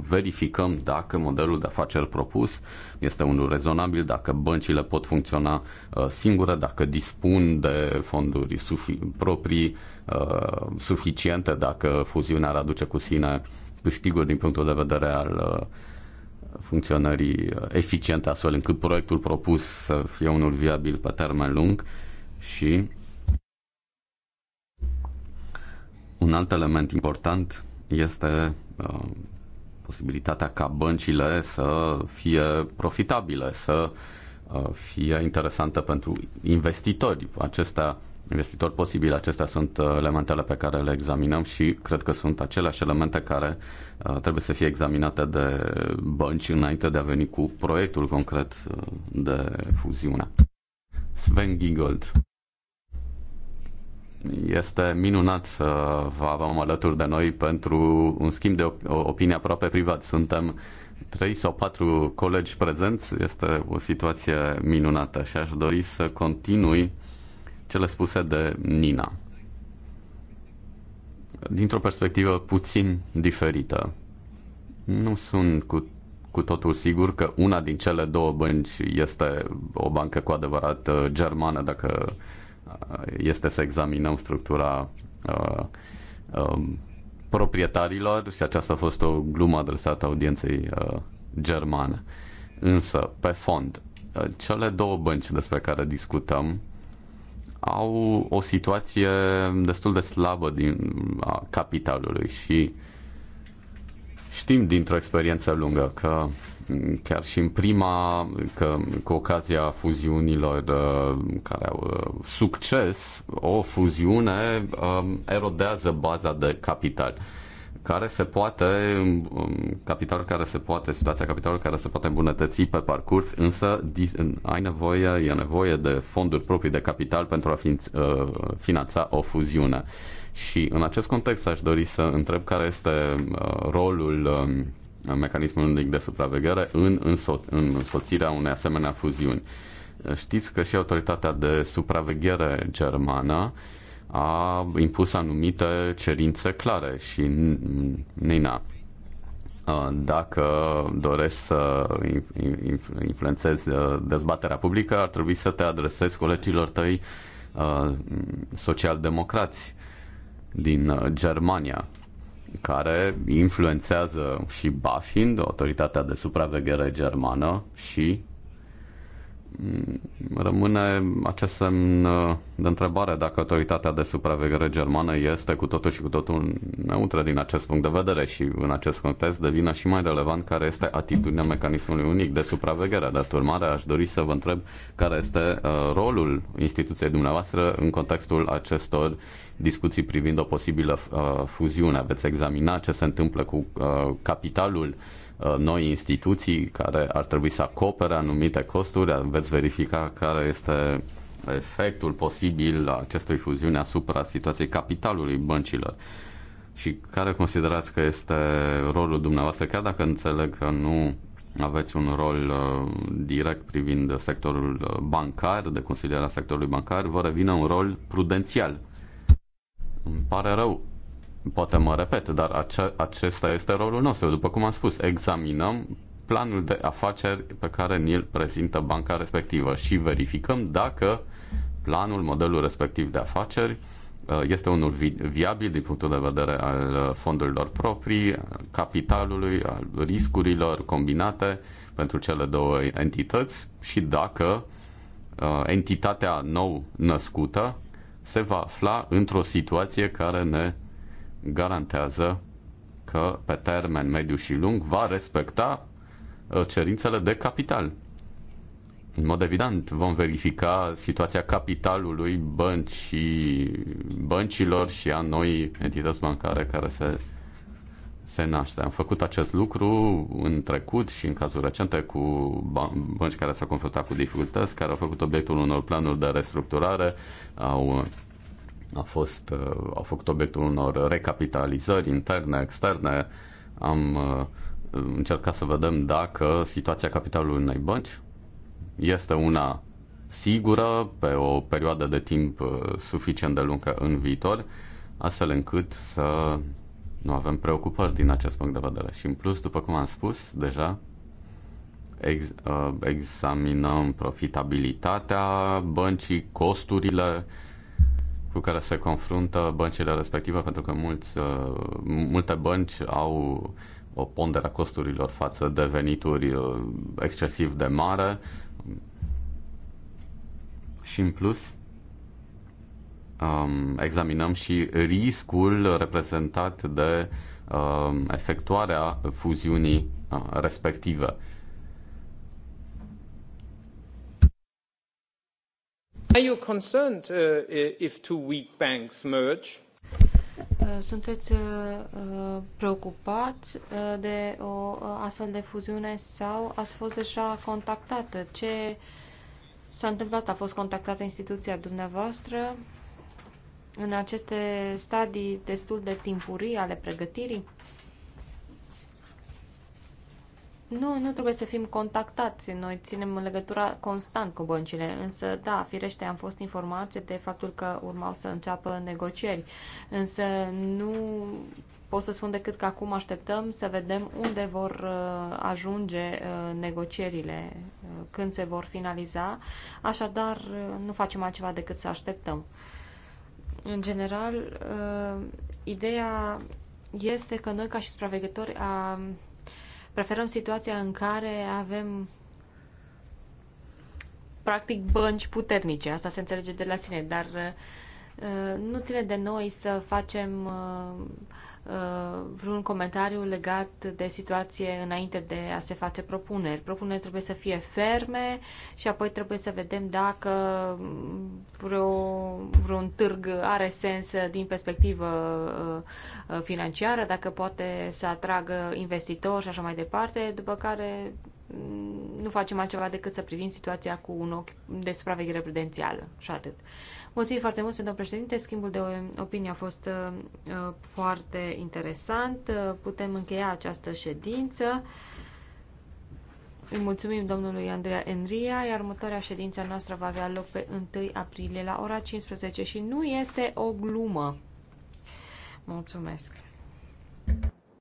verificăm dacă modelul de afaceri propus este unul rezonabil, dacă băncile pot funcționa uh, singure, dacă dispun de fonduri sufi- proprii uh, suficiente, dacă fuziunea ar aduce cu sine câștiguri din punctul de vedere al uh, funcționării uh, eficiente, astfel încât proiectul propus să fie unul viabil pe termen lung și un alt element important este uh, posibilitatea ca băncile să fie profitabile, să uh, fie interesante pentru investitori. Acestea investitor posibil. Acestea sunt uh, elementele pe care le examinăm și cred că sunt aceleași elemente care uh, trebuie să fie examinate de bănci înainte de a veni cu proiectul concret uh, de fuziune. Sven Giegold. Este minunat să vă avem alături de noi pentru un schimb de opinie aproape privat. Suntem trei sau patru colegi prezenți. Este o situație minunată și aș dori să continui cele spuse de Nina. Dintr-o perspectivă puțin diferită. Nu sunt cu, cu totul sigur că una din cele două bănci este o bancă cu adevărat uh, germană, dacă uh, este să examinăm structura uh, uh, proprietarilor și aceasta a fost o glumă adresată audienței uh, germane. Însă, pe fond, uh, cele două bănci despre care discutăm au o situație destul de slabă din a capitalului și știm dintr-o experiență lungă că chiar și în prima, că cu ocazia fuziunilor uh, care au uh, succes, o fuziune um, erodează baza de capital care se poate, capitalul care se poate, situația capitalului care se poate îmbunătăți pe parcurs, însă ai nevoie, e nevoie de fonduri proprii de capital pentru a fi, uh, finanța o fuziune. Și în acest context aș dori să întreb care este uh, rolul um, mecanismul unic de supraveghere în, însoț, în însoțirea unei asemenea fuziuni. Știți că și autoritatea de supraveghere germană uh, a impus anumite cerințe clare și Nina, dacă doresc să influențezi dezbaterea publică, ar trebui să te adresezi colegilor tăi socialdemocrați din Germania, care influențează și BaFin, autoritatea de supraveghere germană, și rămâne acest semn uh, de întrebare dacă autoritatea de supraveghere germană este cu totul și cu totul neutră din acest punct de vedere și în acest context devine și mai relevant care este atitudinea mecanismului unic de supraveghere. De urmare, aș dori să vă întreb care este uh, rolul instituției dumneavoastră în contextul acestor discuții privind o posibilă uh, fuziune. Veți examina ce se întâmplă cu capitalul Uh, noi instituții care ar trebui să acopere anumite costuri. Veți verifica care este efectul posibil a acestei fuziuni asupra situației capitalului băncilor și care considerați că este rolul dumneavoastră, chiar dacă înțeleg că nu aveți un rol uh, direct privind sectorul uh, bancar, de consilierea sectorului bancar, vă revine un rol prudențial. Îmi pare rău, Poate mă repet, dar ace- acesta este rolul nostru. După cum am spus, examinăm planul de afaceri pe care ni-l prezintă banca respectivă și verificăm dacă planul, modelul respectiv de afaceri uh, este unul viabil din punctul de vedere al uh, fondurilor proprii, capitalului, al riscurilor combinate pentru cele două entități și dacă uh, entitatea nou născută se va afla într-o situație care ne garantează că pe termen mediu și lung va respecta uh, cerințele de capital. În mod evident, vom verifica situația capitalului bănci și băncilor și a noi entități bancare care se, se naște. Am făcut acest lucru în trecut și în cazuri recente cu bănci care s-au confruntat cu dificultăți, care au făcut obiectul unor planuri de restructurare, au a fost, uh, au făcut obiectul unor recapitalizări interne, externe. Am uh, încercat să vedem dacă situația capitalului unei bănci este una sigură pe o perioadă de timp uh, suficient de lungă în viitor, astfel încât să nu avem preocupări din acest punct de vedere. Și în plus, după cum am spus deja, ex, examinăm profitabilitatea băncii, costurile cu care se confruntă băncile respective, pentru că mulți, uh, multe bănci au o pondere a costurilor față de venituri uh, excesiv de mare și în plus um, examinăm și riscul reprezentat de uh, efectuarea fuziunii respective. Are you concerned uh, if two weak banks merge? Uh, sunteți uh, preocupat de o astfel de fuziune sau ați fost deja contactată? Ce s-a întâmplat? A fost contactată instituția dumneavoastră în aceste stadii destul de timpurii ale pregătirii? Nu, nu trebuie să fim contactați. Noi ținem legătura constant cu băncile, însă, da, firește, am fost informați de faptul că urmau să înceapă negocieri, însă nu pot să spun decât că acum așteptăm să vedem unde vor uh, ajunge uh, negocierile, uh, când se vor finaliza, așadar nu facem altceva decât să așteptăm. În general, ideea este că noi, ca și supraveghetori, Preferăm situația în care avem practic bănci puternice. Asta se înțelege de la sine, dar uh, nu ține de noi să facem uh, Uh, vreun comentariu legat de situație înainte de a se face propuneri. Propunerile trebuie să fie ferme și apoi trebuie să vedem dacă vreo, vreun târg are sens din perspectivă uh, financiară, dacă poate să atragă investitori și așa mai departe, după care mm, nu facem altceva decât să privim situația cu un ochi de supraveghere prudențială și atât. Mulțumim foarte mult, domnul președinte. Schimbul de opinie a fost uh, uh, foarte interesant. Uh, putem încheia această ședință. Îi mulțumim domnului Andreea Enria, iar următoarea ședință noastră va avea loc pe 1 aprilie la ora 15 și nu este o glumă. Mulțumesc!